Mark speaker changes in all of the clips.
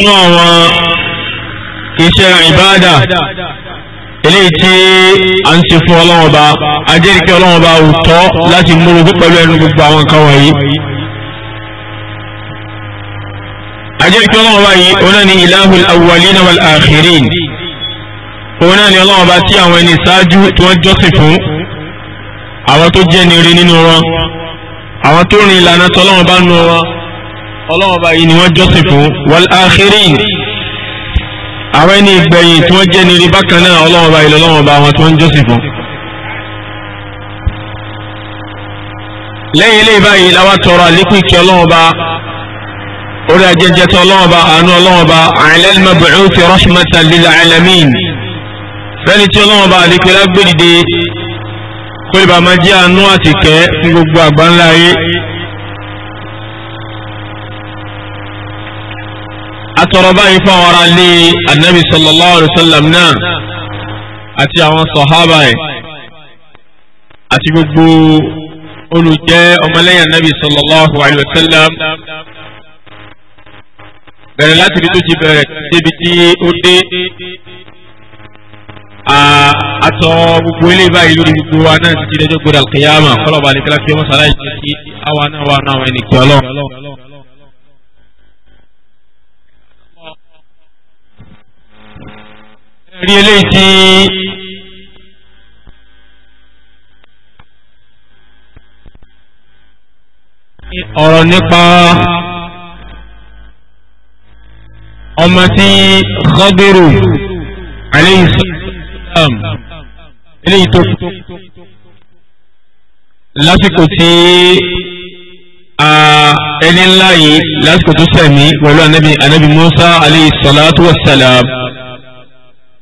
Speaker 1: nínú
Speaker 2: àwọn iṣẹ́ ìbáàdà eléyìí tí a ń ṣe fún ọlọ́run ọba ajẹ́rìkẹ́ ọlọ́run ọba ò tọ́ láti múrogún pẹ̀lú ẹnu gbogbo àwọn nǹkan wọ̀nyí. ajẹ́rìkẹ́ ọlọ́run ọba yìí òun náà ni ilahul awwalina wal akhirin òun náà ni ọlọ́run ọba tí àwọn ẹni ṣáájú tí wọ́n jọ́sìn fún àwọn tó jẹ́ ni rí nínú wọn àwọn tó rìn ìlànà tọ́lọ́run ọba nù wọn ọlọ́wọ́n báyìí ni wọ́n jọ́sìn fún wal akhirin àwọn ẹni ìgbẹ̀yìn tí wọ́n jẹ́ nírí bákan náà ọlọ́wọ́n báyìí lọ́wọ́n bá wọn tí wọ́n jọ́sìn fún. lẹ́yìn ilé báyìí làwọn tọrọ àlékún ìkẹ́ ọlọ́wọ́n orí ajẹjẹ tó ọlọ́wọ́n àánú ọlọ́wọ́n bá àìlẹ́lì mabu'uthi rahmatan lil alamin fẹ́ni tí máa jẹ́ àánú àtìkẹ́ fún gbogbo àgbáńlá ayé atọrọ báyìí fún àwọn ará ilé anabi sallallahu alayhi wa sallam náà àti àwọn sọ̀hábà ẹ̀ àti gbogbo olùjẹ́ ọmọlẹ́yìn anabi sallallahu alayhi wa sallam bẹ̀rẹ̀ láti ibi tó ti bẹ̀rẹ̀ débi tí ó dé àtọ gbogbo ilé báyìí lórí gbogbo wa náà ti di ẹjọ́ gbọdọ̀ kìyàmà kọlọ̀ bàlẹ̀ kíláàsì ọmọ sàlàyé ti àwa náà wà náà wà ní kí
Speaker 1: rí eléyìí tí ọ̀rọ̀ nípa ọmọ tí Khadiru alayhi salam
Speaker 2: eléyìí tó lásìkò tí ẹni ńlá yìí lásìkò tó sẹ̀mí pẹ̀lú anabi Musa alayhi salatu wa salam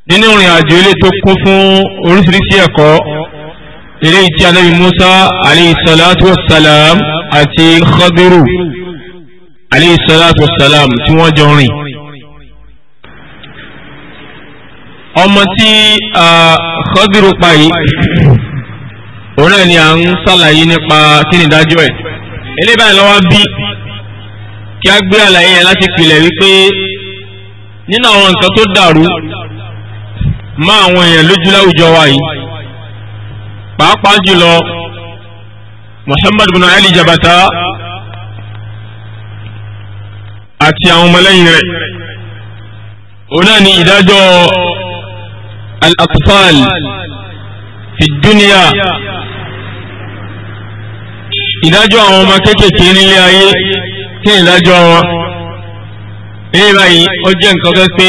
Speaker 2: nínú ìrìn àjò ilé tó kún fún oríṣiríṣi ẹ̀kọ́ ilé tí anábì Musa aleyhisalatu wasalam àti Khadiru aleyhisalatu wasalam tí wọ́n jọ rìn ọmọ tí Khadiru pa yìí òun náà ni à ń ṣàlàyé nípa kí ni ìdájọ́ ẹ̀ eléyìí báyìí lọ́wọ́ bí kí a gbé àlàyé yẹn láti pilẹ̀ wípé nínú àwọn nǹkan tó dàrú má àwọn èèyàn lójú láwùjọ wa yìí pàápàá jùlọ Muhammad bin Ali Jabata àti àwọn ọmọlẹ́yìn rẹ̀ òun náà ni ìdájọ́ al-atfal
Speaker 1: fi dúníà ìdájọ́
Speaker 2: àwọn ọmọ kéékèèké nílé ayé kí ìdájọ́ wọn ní ìbáyìí ó jẹ́ nǹkan kan pé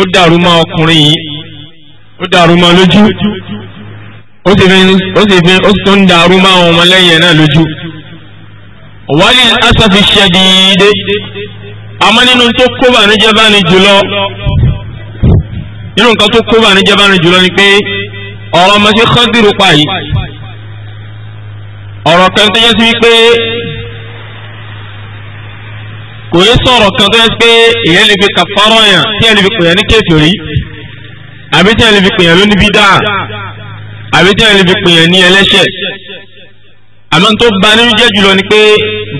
Speaker 2: ó dàrú mọ́ ọkùnrin yìí ó da mọ́ lójú ó sì fi ó sì fi ó sì tún dàrú mọ́ àwọn ọmọlẹ́yìn náà lójú. wálé asafi ṣẹ́dídé àmọ́ nínú tó kó bànújẹ́ báni jùlọ nínú nǹkan tó kó bànújẹ́ báni jùlọ ni pé ọ̀rọ̀ ọmọ sí pa yìí ọ̀rọ̀ kan tó yẹ sí wípé kò yẹ sọ̀rọ̀ kan tó yẹ sí pé lè fi yàn tí lè fi ní àbí tí wọ́n lè fi pèèyàn lóní bídà àbí tí wọ́n lè fi pèèyàn ní ẹlẹ́ṣẹ̀ àmọ́ tó bà nínú jẹ́ jùlọ ni pé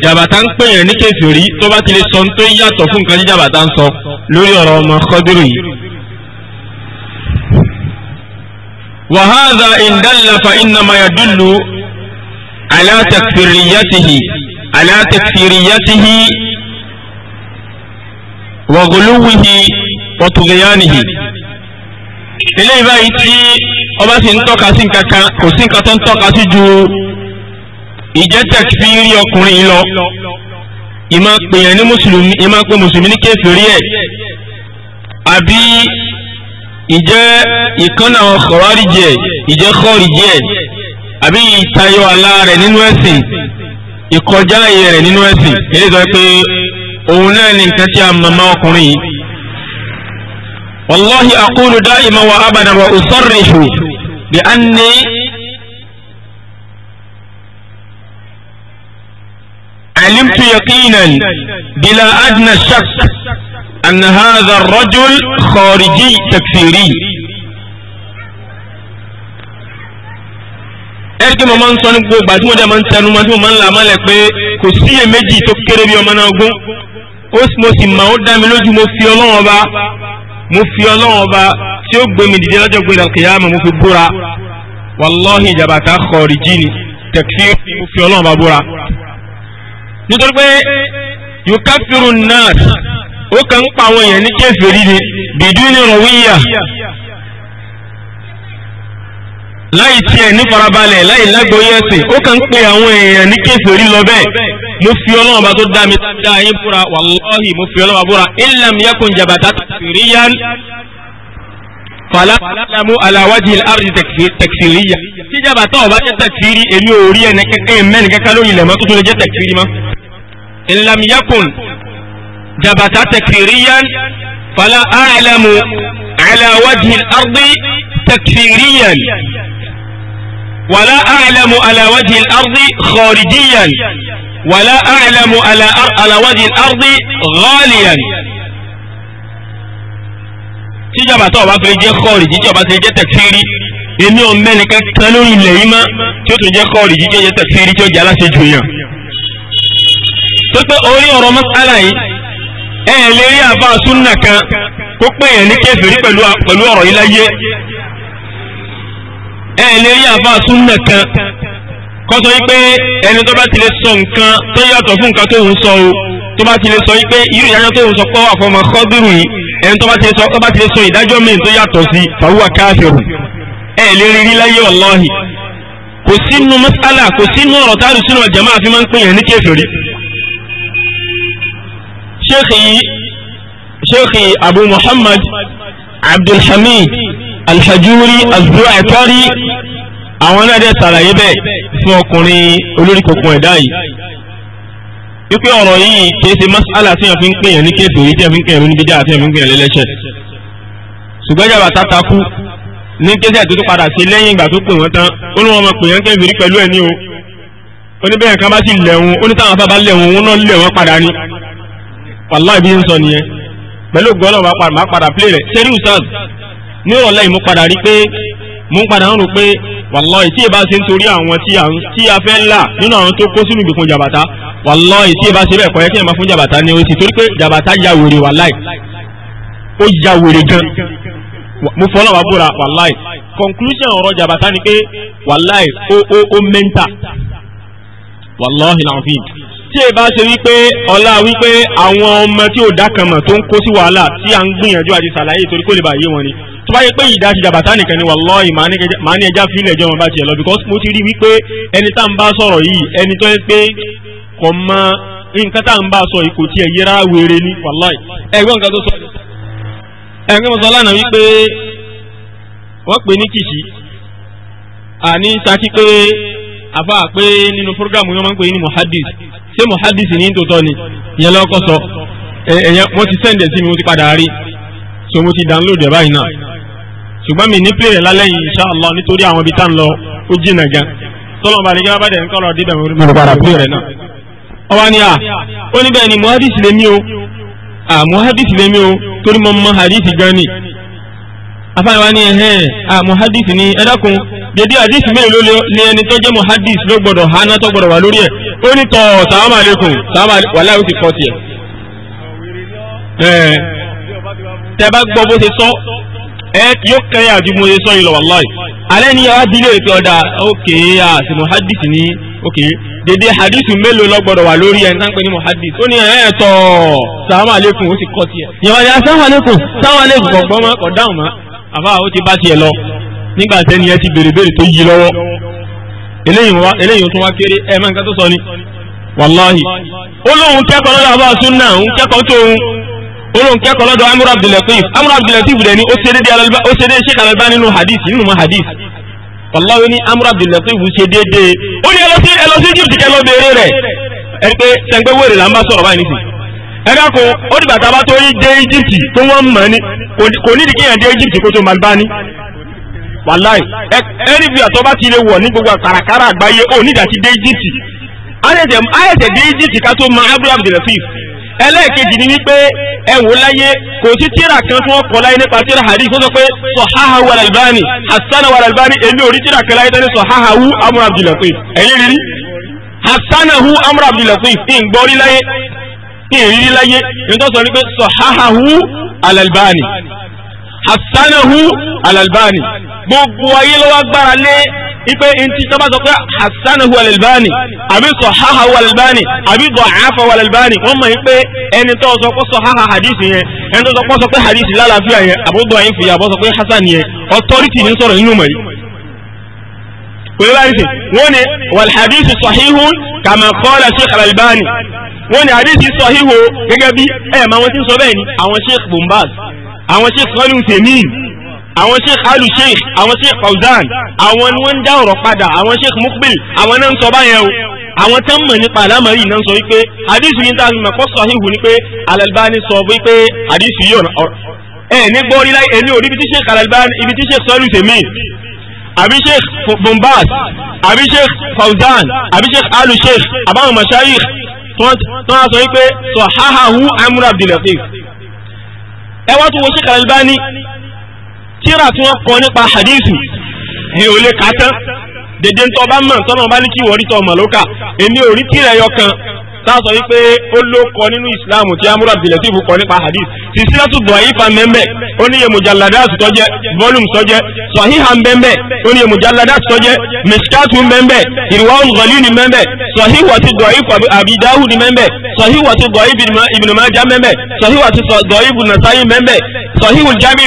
Speaker 2: jàbàtà ń pèèyàn ní kèfèrí tó bá ti lè sọ tó yàtọ̀ fún nǹkan tí jàbàtà ń sọ lórí ọ̀rọ̀ ọmọ kọ́dúrú yìí. وهذا إن دل فإنما يدل على تكفيريته على eléyìí báyìí tí ọba sì ń tọ́ka sí nǹkan kan kò sí nǹkan tó ń tọ́ka sí ju ìjẹ́ tẹ̀kfírí ọkùnrin yìí lọ ìmọ̀ pè yẹn ní mùsùlùmí ìmọ̀ pè mùsùlùmí ní kéfìrí ẹ̀ àbí ìjẹ́ ìkànnà kọ̀wárìjẹ́ ìjẹ́ kọ́ọ̀rìjẹ́ àbí ìtayọ àlá rẹ̀ nínú ẹ̀sìn ìkọjá ààyè rẹ̀ nínú ẹ̀sìn eléyìí tó yẹ pé òun náà ní nǹkan tí a mọ̀ mọ́ ọkùnrin yìí والله أقول دائما وأبدا وأصرح بأني علمت يقينا
Speaker 1: بلا أدنى شك
Speaker 2: أن هذا الرجل خارجي تكفيري ẹ̀kí mo máa ń sọ gbogbo ìgbà mo dẹ̀ máa ń tẹnu mọ́ tí mo máa ń là mọ́lẹ̀ pé kò sí iyèméjì tó kéré bí ọmọ náà gún ó mo sì máa ó dá mi lójú mo fi ọlọ́wọ́n bá mo fi ọlọ́run ọba tí ó gbé mi dìde lọ́jọ́ gbé lọ kìyàmù mo fi búra wàlọ́hìn ìjàmbá tá kọ̀ọ̀rì jí ni tẹ̀kí mo fi ọlọ́run ọba búra. nítorí pé yukafiru nas ó kàn ń pa àwọn èèyàn ní kèfèrí ni bìdúnì rọ̀wíyà láì tiẹ̀ ní farabalẹ̀ láì lágbóyè ẹ̀sìn ó kàn ń pe àwọn èèyàn ní kèfèrí lọ bẹ́ẹ̀. مفيولا ما ضد متدا يبورا والله مفيولا ما بورا إن لم يكن جبتا تكفيريا فلا تعلم على وجه الأرض تكفيريا في جبتا وبعد تكفيري إني أوريا نك كمن ككلوني لما تودا جت تكفيري ما إن لم يكن جبتا تكفيريا فلا أعلم على وجه الأرض تكفيريا ولا أعلم على وجه الأرض خارجيا wàlá àìlẹ́mu aláwádìí ardi ghaliyan tíjọba tó ọba fèrè jẹ́ kọ́ọ̀rì jíjọba tó jẹ́ tẹ̀fírí èmi ò mẹ́ni kankan lórí ilẹ̀ yìí mọ́ tí ó tún jẹ́ kọ́ọ̀rì jíjọ́ jẹ́ tẹ̀fírí tí ó jẹ́ aláṣejù yàn. tó pé orí ọ̀rọ̀ mọ́sálà yìí ẹ ẹ̀ lè rí àbá súnà kan kó pè yẹn ní kèfèrí pẹ̀lú ọ̀rọ̀ yìí láyé ẹ ẹ̀ lè rí àbá súnà kan kọ́ sọ wípé ẹni tó bá ti lè sọ nǹkan tó yàtọ̀ fún nǹkan tó ń sọ o tó bá ti lè sọ wípé irú ìdájọ́ tó ń sọ pé wà fọmọ kọ́dúrú yìí ẹni tó bá ti lè sọ tó bá ti lè sọ ìdájọ́ mẹ́rin tó yàtọ̀ sí fàwùwà káfíìrù ẹ lè rí rí láyé ọlọ́hìn kò sínú mọ́sálà kò sínú ọ̀rọ̀ táàrù sínú ọ̀jẹ̀ máa fi máa ń pèèyàn ní kéfìrí. sheikh àwọn náà dẹ̀ ṣàlàyé bẹ́ẹ̀ fún ọkùnrin olórí kòkun ẹ̀dá yìí wípé ọ̀rọ̀ yìí kìí ṣe mas'ala tí wọ́n fi ń pè yàn ní kéèfì èyí tí wọ́n fi ń pè yàn ní bídíà tí wọ́n fi ń pè yàn lẹ́lẹ́ṣẹ̀ ṣùgbọ́n tata kú ní kéṣẹ̀ tó tún padà sí lẹ́yìn ìgbà tó pè wọ́n tán ó ní wọn mọ pè yàn rí pẹ̀lú ẹ̀ ní o oníbẹ̀yàn kan bá sì lẹ̀wọ̀n ó ní táwọn afábá lẹ̀wọ̀n òun náà lẹ̀wọ̀n padà ní wàláì bí ń sọ nìyẹn pẹ̀lú gbọ́dọ̀ máa padà plé rẹ̀ ṣẹ́rí ustaz ní ọ̀rọ̀ lẹ́yìn rí pé mo ń padà rò pé wàlọ́ọ̀ì tí ìbá ṣe ń torí àwọn tí a fẹ́ là nínú àwọn tó kó sínú ìgbìkùn jàbàtà wàlọ́ọ̀ì tí ìbá ṣe bẹ́ẹ̀ kọ́ yẹ kí ẹ máa fún jàbàtà ní oṣù torí pé jàbàtà ya wèrè wàláì ó ya wèrè gan mo fọ́ náà wá bóra wàláì conclusion ọ̀rọ̀ jàbàtà ni pé wàláì ó ó ó mẹ́ńtà wàlọ́ọ̀hìn àwọn fíìmù tí ẹ bá ṣe wípé ọlá wípé àwọn ọmọ tí ò dákanmọ̀ tó ń kó sí wàhálà tí à ń gbìyànjú àti sàlàyé torí kó lè bá yé wọn ni tó bá yẹ pé ìdá ti jàbàtà nìkan ni wàlọ́ọ̀hì màá ní ẹja fílẹ̀ ẹjọ́ wọn bá tiẹ̀ lọ because mo ti rí wípé ẹni tá à ń bá sọ̀rọ̀ yìí ẹni tó yẹ pé kò mọ nǹkan tá à ń bá sọ yìí kò tiẹ̀ yẹra wèrè ni wàlọ́ọ̀hì ẹgbẹ́ nǹkan tó sọ ẹgbẹ́ mo sọ lánàá wípé wọ́n pè ní kìsì àní saki pé àfa pé nínú program yẹn máa ń pè ní muhadis ṣé muhadis ní tòótọ́ ni ìyẹn lọ́kọ́ sọ ẹ̀yẹn wọ́n ti sẹ́ǹdẹ̀ sí mi mo ti padà rí so mo ti download ẹ̀ báyìí náà ṣùgbọ́n mi ní play rẹ̀ lálẹ́ yìí insha Allah nítorí àwọn ibi tá ń lọ ó jìnà gan tọ́lọ́mọba ní kíláàbà dẹ̀ ń kọ́ lọ dídà mo rí padà play rẹ̀ náà. ọba ni a ó ní bẹ́ẹ̀ ni muhadis lèmi o a muhadis lèmi o torí mo mọ hadith gan ni afáàwá ní ẹ̀hẹ́ à mohadis ní ẹ̀dàkùn dédé àdìsí mélòó ló lé ẹni tó jẹ́ mohadis ló gbọ́dọ̀ hana tó gbọ́dọ̀ wà lórí ẹ̀ ó ní tọ̀ sàmà lẹ́kùn sàmà wàlá ó ti kọ́ tiẹ̀. tẹ bá gbọ́ bó ṣe sọ ẹ yóò kẹ́rẹ́ àti mo ṣe sọ yìí lọ wàláì alẹ́ ní yàrá dílé ètò ọ̀dà òkè àti mohadis ní òkè dédé àdìsí mélòó ló gbọ́dọ̀ wà lórí ẹ̀ ń pè ní mohadis ó ní ẹ̀ tọ̀ sàmà lẹ́kùn ó ti kọ́ tiẹ̀. ìyàwó àbá ó ti bá tiẹ̀ lọ nígbà tẹ́ni ẹ ti béèrè béèrè tó yí lọ́wọ́ eléyìí tún wá kéré ẹ mọ nǹkan tó sọ ni wàláhì ó lóun kẹ́kọ̀ọ́ lọ́dọ̀ àbá súnà òun kẹ́kọ̀ọ́ tóun ó lóun kẹ́kọ̀ọ́ lọ́dọ̀ amúra abdulatif amúra abdulatif rẹ̀ ni ó ṣe déédéé alẹ́ ó ṣe déédéé sheikh alẹ́ nínú hadith nínú mọ́ hadith wàláhì ní amúra abdulatif ṣe déédéé ó ní ẹlọ́sí ẹlọ́sí ẹ ẹ̀dá kan ó dìgbà tá tó yí dé Egypt tó wọ́n mọ̀ ní kò nídìí kéèyàn dé Egypt kó tó máa bá ní. wàláì ẹni bí àtọ́ bá ti lè wọ̀ ní gbogbo àkàràkàrà àgbáyé ó nídìí àti dé Egypt ayẹ̀tẹ̀ dé Egypt Abdul ẹlẹ́ẹ̀kejì ni wípé ẹ̀wò láyé kò sí kan láyé nípa tíra hadith sọ pé sọ̀háhà wà wà èmi ò rí tíra kan láyé tẹ́lẹ̀ sọ̀háhà amúra hu amúra ń gbọ́ rí ìrírí láyé ní tó sọ ní pé sọ̀háhàhú al-Albani hasanahu al-Albani gbogbo ayé ló wá gbára lé ipe ntí tọ́ba sọ pé hasanahu al-Albani àbí sọ̀háhàhú al-Albani àbí dọ̀háfàhú al-Albani wọ́n mọ̀ pé ẹni tó sọ pé sọ̀háhà hadisi yẹn ẹni tó sọ pé hadisi lálàáfíà yẹn àbúdọ̀ yẹn fìyà bọ́ sọ pé hasan yẹn authority ní sọ̀rọ̀ nínú mọ̀ yìí kò yẹ báyìí wọ́n ní walhadith sahihun kama qala sheikh al-albani wọ́n ní hadithi sahihu gẹ́gẹ́ bí ẹ̀ máa wọ́n ti sọ bẹ́ẹ̀ ni àwọn sheikh bombaz àwọn sheikh salim temin àwọn sheikh alu sheikh àwọn sheikh fauzan àwọn ni wọ́n ń dá ọ̀rọ̀ padà àwọn sheikh mukbil àwọn náà ń sọ báyẹn o àwọn tán mọ̀ nípa àlámọ̀rí náà sọ wípé hadithi yìí tá a mọ̀ kọ́ sahihu ni pé al sọ wípé hadithi yìí ọ̀nà ẹ̀ ní orí láì ẹ̀ orí ibi tí sheikh al-albani ibi tí sheikh salim temin àbí sheikh bombas àbí sheikh fauzan àbí sheikh alu sheikh àbáwọn mashayikh tó wá sọ wípé sọ̀háhàhú amúra abdulatif ẹ wá tún wo sheikh al-albani tíra tí wọ́n kọ nípa hadithu ni ò lè kà tán dèdè ń tọ́ bá mọ̀ tọ́nà bá ní kí wọ́n rí tọ́ mọ̀ lóka èmi ò rí tíra ẹyọ kan táàsọ wípé ó ló kọ nínú islam tí amúra abdulatif kọ nípa hadith ti sílátù dọ̀yífa mẹ́mbẹ́ ó níye mujallada sọjẹ́ volume sọjẹ́ sọ̀híhà mẹ́mbẹ́ ó níye mujallada sọjẹ́ mishkatu mẹ́mbẹ́ irwaul ghalini mẹ́mbẹ́ sọ̀híwàtí dọ̀yíf abi dawud mẹ́mbẹ́ sọ̀híwàtí dọ̀yíf ibn maja mẹ́mbẹ́ sọ̀híwàtí dọ̀yíf nasayi mẹ́mbẹ́ sọ̀híwul jami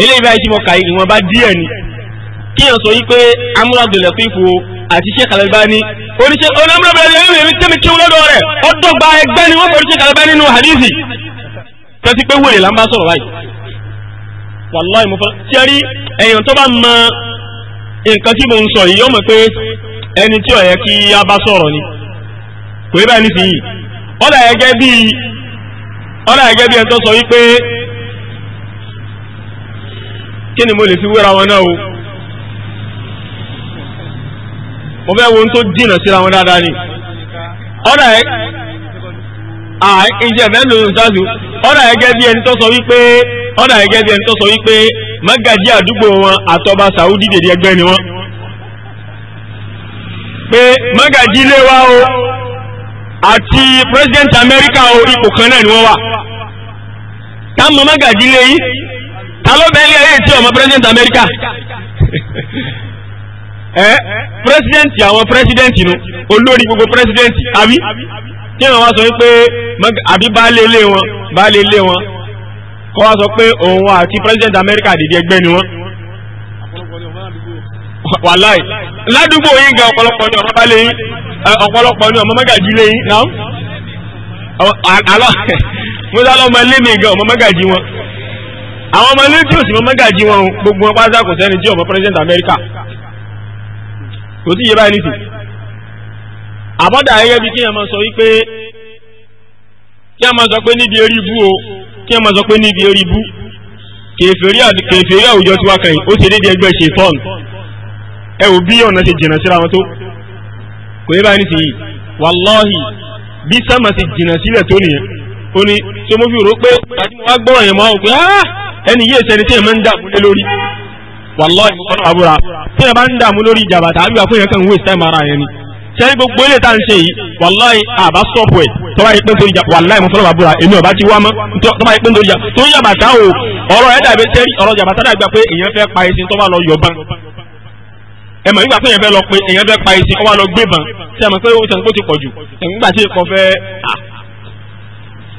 Speaker 2: eléyìí báyìí tí mo kà yìí wọn bá díẹ̀ ni kíyàn sọ yí pé amúra dòlẹ̀ fún ìfò àti Sheikh Al-Albani oníṣẹ́ onámúrabẹ̀rẹ̀ lẹ́yìn èmi tẹ́mi kí lọ́dọ̀ rẹ̀ ọdọ́gba ẹgbẹ́ ni wọ́n fọ́ Sheikh Al-Albani nínú hadithi tẹ́tí pé wèrè là ń bá sọ̀rọ̀ báyìí wàláì mo fọ́ tí a rí èèyàn tó bá mọ nǹkan tí mo ń sọ yìí yọ mọ̀ pé ẹni tí ó yẹ kí a bá sọ̀rọ̀ ni kò yẹ báyìí nísìnyí ọ̀dà ẹgẹ́ bíi ọ̀dà ẹgẹ́ bíi ẹni tó sọ wípé kí ni mo lè fi wéra wọn náà o mo fẹ́ wo ohun tó dìnà síra wọn dáadáa ni ọ̀dà ẹ̀ ìjẹ́ mẹ́lò ìsáàlù ọ̀dà ẹ̀ gẹ́gẹ́ bí ẹni tó sọ wípé ọ̀dà ẹ̀ gẹ́gẹ́ bí ẹni tó sọ wípé mágàjí àdúgbò wọn àtọba Saudi dèdè ẹgbẹ́ ni wọn pé mágàjí lé wa o àti president America o ipò kan náà ni wọ́n wà táwọn mágàjí lé yìí ta ló bẹ́ẹ̀ lé ayé tí ọmọ president America ẹ eh? president àwọn president nu olórí gbogbo president àbí tí wọn wá sọ pé àbí baálé ilé wọn baálé ilé wọn kọ́ wá sọ pé òun àti president America dìde ẹgbẹ́ ni wọn. wàláì ládùúgbò yín ga ọ̀pọ̀lọpọ̀ ní ọmọ baálé yín eh, ọ̀pọ̀lọpọ̀ ní ọmọ mẹ́gàjì lé yín náà alọ́ musa lọ́mọ ilé mi ga ọmọ mẹ́gàjì wọn àwọn ọmọ ilé tí ò sì mọ mẹ́gàjì wọn gbogbo wọn pátá kò sẹ́ni tí ọmọ president America kò sí yé báyìí nìsí àbọ̀dà ẹyẹ bíi kí ẹ máa sọ wípé kí ẹ máa sọ pé níbi eré ibú o kí ẹ máa sọ pé níbi eré ibú kèfèrí àwùjọ tí wá kàn yìí ó ṣe déédéé ẹgbẹ́ ṣe tọ́ọ̀n ẹ ò bí ọ̀nà ṣe jìnnà síra wọn tó kò yé báyìí nìsí wàláhì bí sẹ́mà ṣe jìnnà sílẹ̀ tó nìyẹn ó ní sọmọ́fì rò pé wàá gbọ́ ọ̀yẹ̀mọ́ àwọn òpin áá ẹni yé ẹsẹ̀ ni tí ẹ máa ń dààmú lé lórí wàláhì ìmọ̀kànnà àbúrà tí ẹ bá ń dààmú lórí ìjàmbá tàbí wà fún yẹn kan waste time ara yẹn ni sẹ́ni gbogbo ilé tá à ń ṣe yìí wàláhì àbá sọ̀pù ẹ̀ tọ́ba yìí pé nítorí ìjà wàláhì ìmọ̀kànnà àbúrà èmi ọ̀bá ti wá mọ́ tọ́ba yìí pé nítorí ìjà tó ń yàbàtà o ọ̀rọ̀ ẹ̀ dàbí sẹ́ni ọ̀rọ̀ jàbàtà dàgbà pé èèyàn fẹ́ pa ẹṣin tọ́ba lọ yọ̀ ban ẹ mọ̀ nígbà tó yẹn fẹ́ lọ pé èèyàn fẹ́ pa ẹṣin ọwọ́ lọ gbé ban ṣe mọ̀ pé ó ti pọ̀ jù nígbà tí ìkọ fẹ́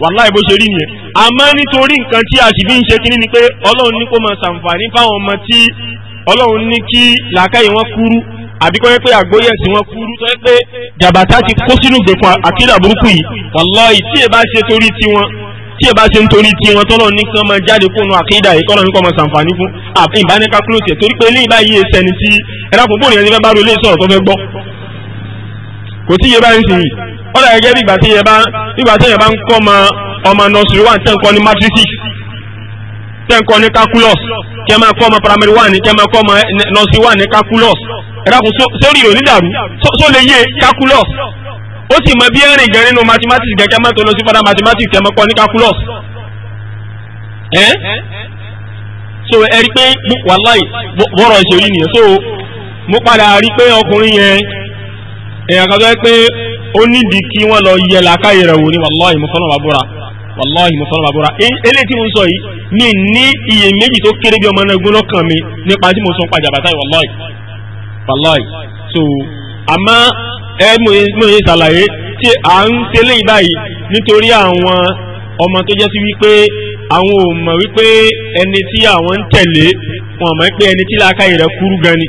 Speaker 2: wàláì bó ṣe rí nìyẹn àmọ́ nítorí nǹkan tí a sì fi ń ṣe kínní ni pé ọlọ́run ní kó máa ṣàǹfààní fáwọn ọmọ tí ọlọ́run ní kí làákàyè wọn kúrú àbí kọ́ pé àgbóyẹ̀ sí wọn kúrú tó pé jàbàtà ti kó sínú gbẹ̀kún àkídà burúkú yìí wàláì tí ẹ bá ṣe torí tiwọn tí ẹ bá ṣe ń torí tiwọn tọ́lọ̀ ní kí máa jáde fóònù àkídà yìí kọ́lọ́ ní kọ́ máa ṣàǹfààní fún ìbánika kúlóòtì ẹ̀ torí pé ilé ìbá ẹsẹ̀ ni tí ẹ̀dá kò bóòlù ti fẹ́ bá ro ilé ìsọ̀rọ̀ tó fẹ́ gbọ́ kò tí iye báyìí sì yìí ó dà gẹ́gẹ́ bí ìgbà tí yẹn bá ìgbà tí yẹn bá ń kọ́ ọmọ ọmọ nursery one tẹ́ ń kọ́ ní mathematics tẹ́ ń kọ́ ní calculus kẹ́ máa kọ́ ọmọ primary one kẹ́ máa kọ́ ọmọ nursery one ní calculus ẹ̀dàkùn sórí rẹ̀ onídàrú só lè yé calculus ó sì mọ bí ẹ̀rìn gan nínú mathematics gẹ́gẹ́ máa tó lọ sí fada mathematics kẹ́ máa kọ́ ní calculus so ẹ̀rí pé wàláì bọ́rọ̀ ìṣèlú nìyẹn so mo padà rí pé ọkùnrin yẹn èèyàn kan tó yẹ pé ó nídìí kí wọ́n lọ yẹ làákàyè rẹ̀ wò ní wàláhì mo fọ́nà wàláhì mo fọ́nà eléyìí tí mo sọ yìí mi ní iye méjì tó kéré bí ọmọ náà gún lọ́kàn mi nípa tí mo sọ pàjà bàtà wàláhì wàláhì so àmọ́ ẹ mo yẹ ṣàlàyé tí à ń tẹ́lẹ̀ yìí báyìí nítorí àwọn ọmọ tó jẹ́ sí wípé àwọn ò mọ̀ wípé ẹni tí àwọn ń tẹ̀lé wọn mọ̀ pé ẹni tí làákàyè rẹ̀ kúrú gan ni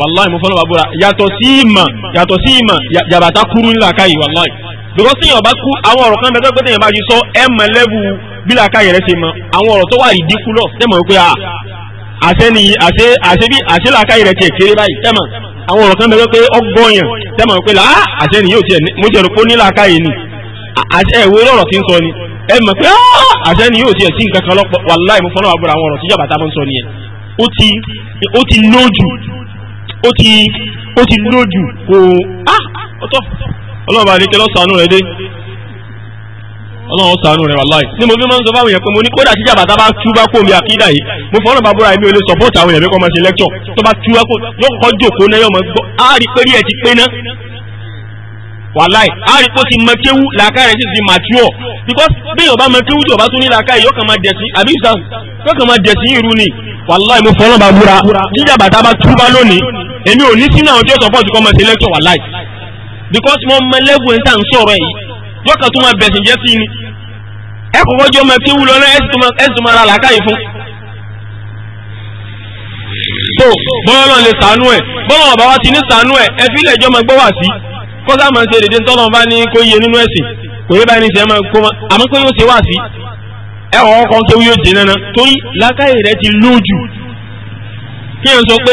Speaker 2: wàláì mo fọlọ́ bá búra yàtọ̀ sí ìmọ̀ yàtọ̀ sí ìmọ̀ jàbàtà kúrú ńlá káyì wàláì lọ́wọ́ sí yàn bá kú àwọn ọ̀rọ̀ kan bẹ́ẹ̀ pẹ́tẹ́ yàn bá ju sọ ẹ mọ̀ lẹ́bù bílà káyì rẹ ṣe mọ àwọn ọ̀rọ̀ tó wà rí dínkù lọ ẹ mọ̀ pé a ah, àṣẹ ni àṣẹ àṣẹ bí àṣẹ là káyì rẹ tiẹ̀ kéré báyìí ẹ mọ̀ àwọn ọ̀rọ̀ kan bẹ́ẹ̀ pé ọgbọ́nyàn ẹ mọ̀ pé ah, ó ti ó ti dúró jù kò á ah, ọtọ ọlọ́ọ̀bà àdékẹ́ lọ́sàánú rẹ dé ọlọ́run ṣàánú rẹ̀ wàláì ní mo fi máa ń sọ fáwọn èèyàn pé mo ní kódà tíjà bàtà bá tú bá kó mi àkídà yìí mo fọ́nà bá búra èmi ò lè support àwọn èèyàn mi kọ́ máa ṣe lecture tó bá tú bá kó yóò kọ́ jòkó náà yóò máa gbọ́ á rí pé rí ẹ ti pé náà wàláì á rí pé ó ti mọ kéwú làákà rẹ̀ sì ti mature because bí èèyàn bá mọ kéwú tí ò bá tún ní làákà wàláì mo fọlọ́ bá búra jíjà bàtà bá túbá lónìí èmi ò ní sínú àwọn tí ó sọpọ́ọ̀tù kọ́ mọ̀ sí lẹ́kítọ̀ wàláì because wọ́n mọ lẹ́gùn ẹ̀ńtà ń sọ̀rọ̀ yìí yọ̀ọ̀kà tó máa bẹ̀sìn jẹ́ sí ni ẹ kọ́kọ́ jọ máa kéwú lọ náà ẹ̀sìn tó máa ra làákàyè fún. so bọ́lá náà lè sànú ẹ̀ bọ́lá ọ̀bá wa ti ní sànú ẹ̀ ẹ fi ilẹ̀ ìjọ máa gbọ́ wà sí kọ́sá máa ń ṣe dèdè tọ́lọ́ bá ní kó yẹ nínú ẹ̀sìn kò yẹ báyìí ní sẹ́ máa kó àmọ́ pé yóò ṣe wà sí ẹ wọ́n kọ́ kéwú yóò dín nánà torí lákàyè rẹ ti lójú kí ẹ sọ pé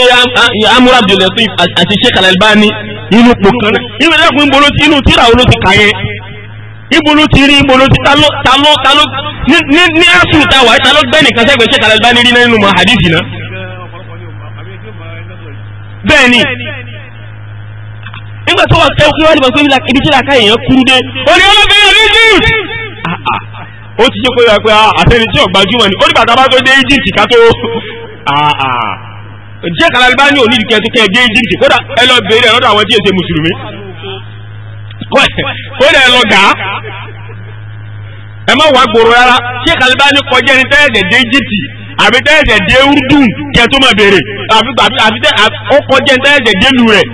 Speaker 2: amúra abdullasif àti sheikh alalbani inú pò kan náà inú ẹ̀kún ibo ló ti inú tíra wo ló ti kà yẹn ibo ló ti rí ibo ló ti taló taló taló ní ní asu ta wà taló gbẹ́ nìkan sẹ́gbẹ̀ẹ́ sheikh alalbani rí nínú mọ́ hadithi náà bẹ́ẹ̀ ni nígbà tó wà ẹ̀kún wà nígbà tó ibi tí làkàyè yẹn kúrú dé òní ọlọ́fẹ́ yẹn ní jù ó ti jẹ́ pé wá pé ah, àtẹni tí ọ̀gbájúmọ̀ ni ó nígbà tá a bá tó dé Egypt ká tó ah, ah. jẹ́ kàlàlí bá ní òní ìdíkẹ́ tó kẹ́ dé Egypt kódà ẹ lọ bèèrè lọ́dọ̀ àwọn tí èsè mùsùlùmí kódà ẹ lọ gà á ẹ má wàá gbòòrò rárá ṣé kàlàlí bá ní kọjá ẹni tẹ́ẹ̀dẹ̀ dé Egypt àbí tẹ́ẹ̀dẹ̀ dé Urdun kẹ́ tó máa bèèrè àbí tẹ́ ó kọjá ẹni tẹ́ẹ̀dẹ̀ dé lu rẹ̀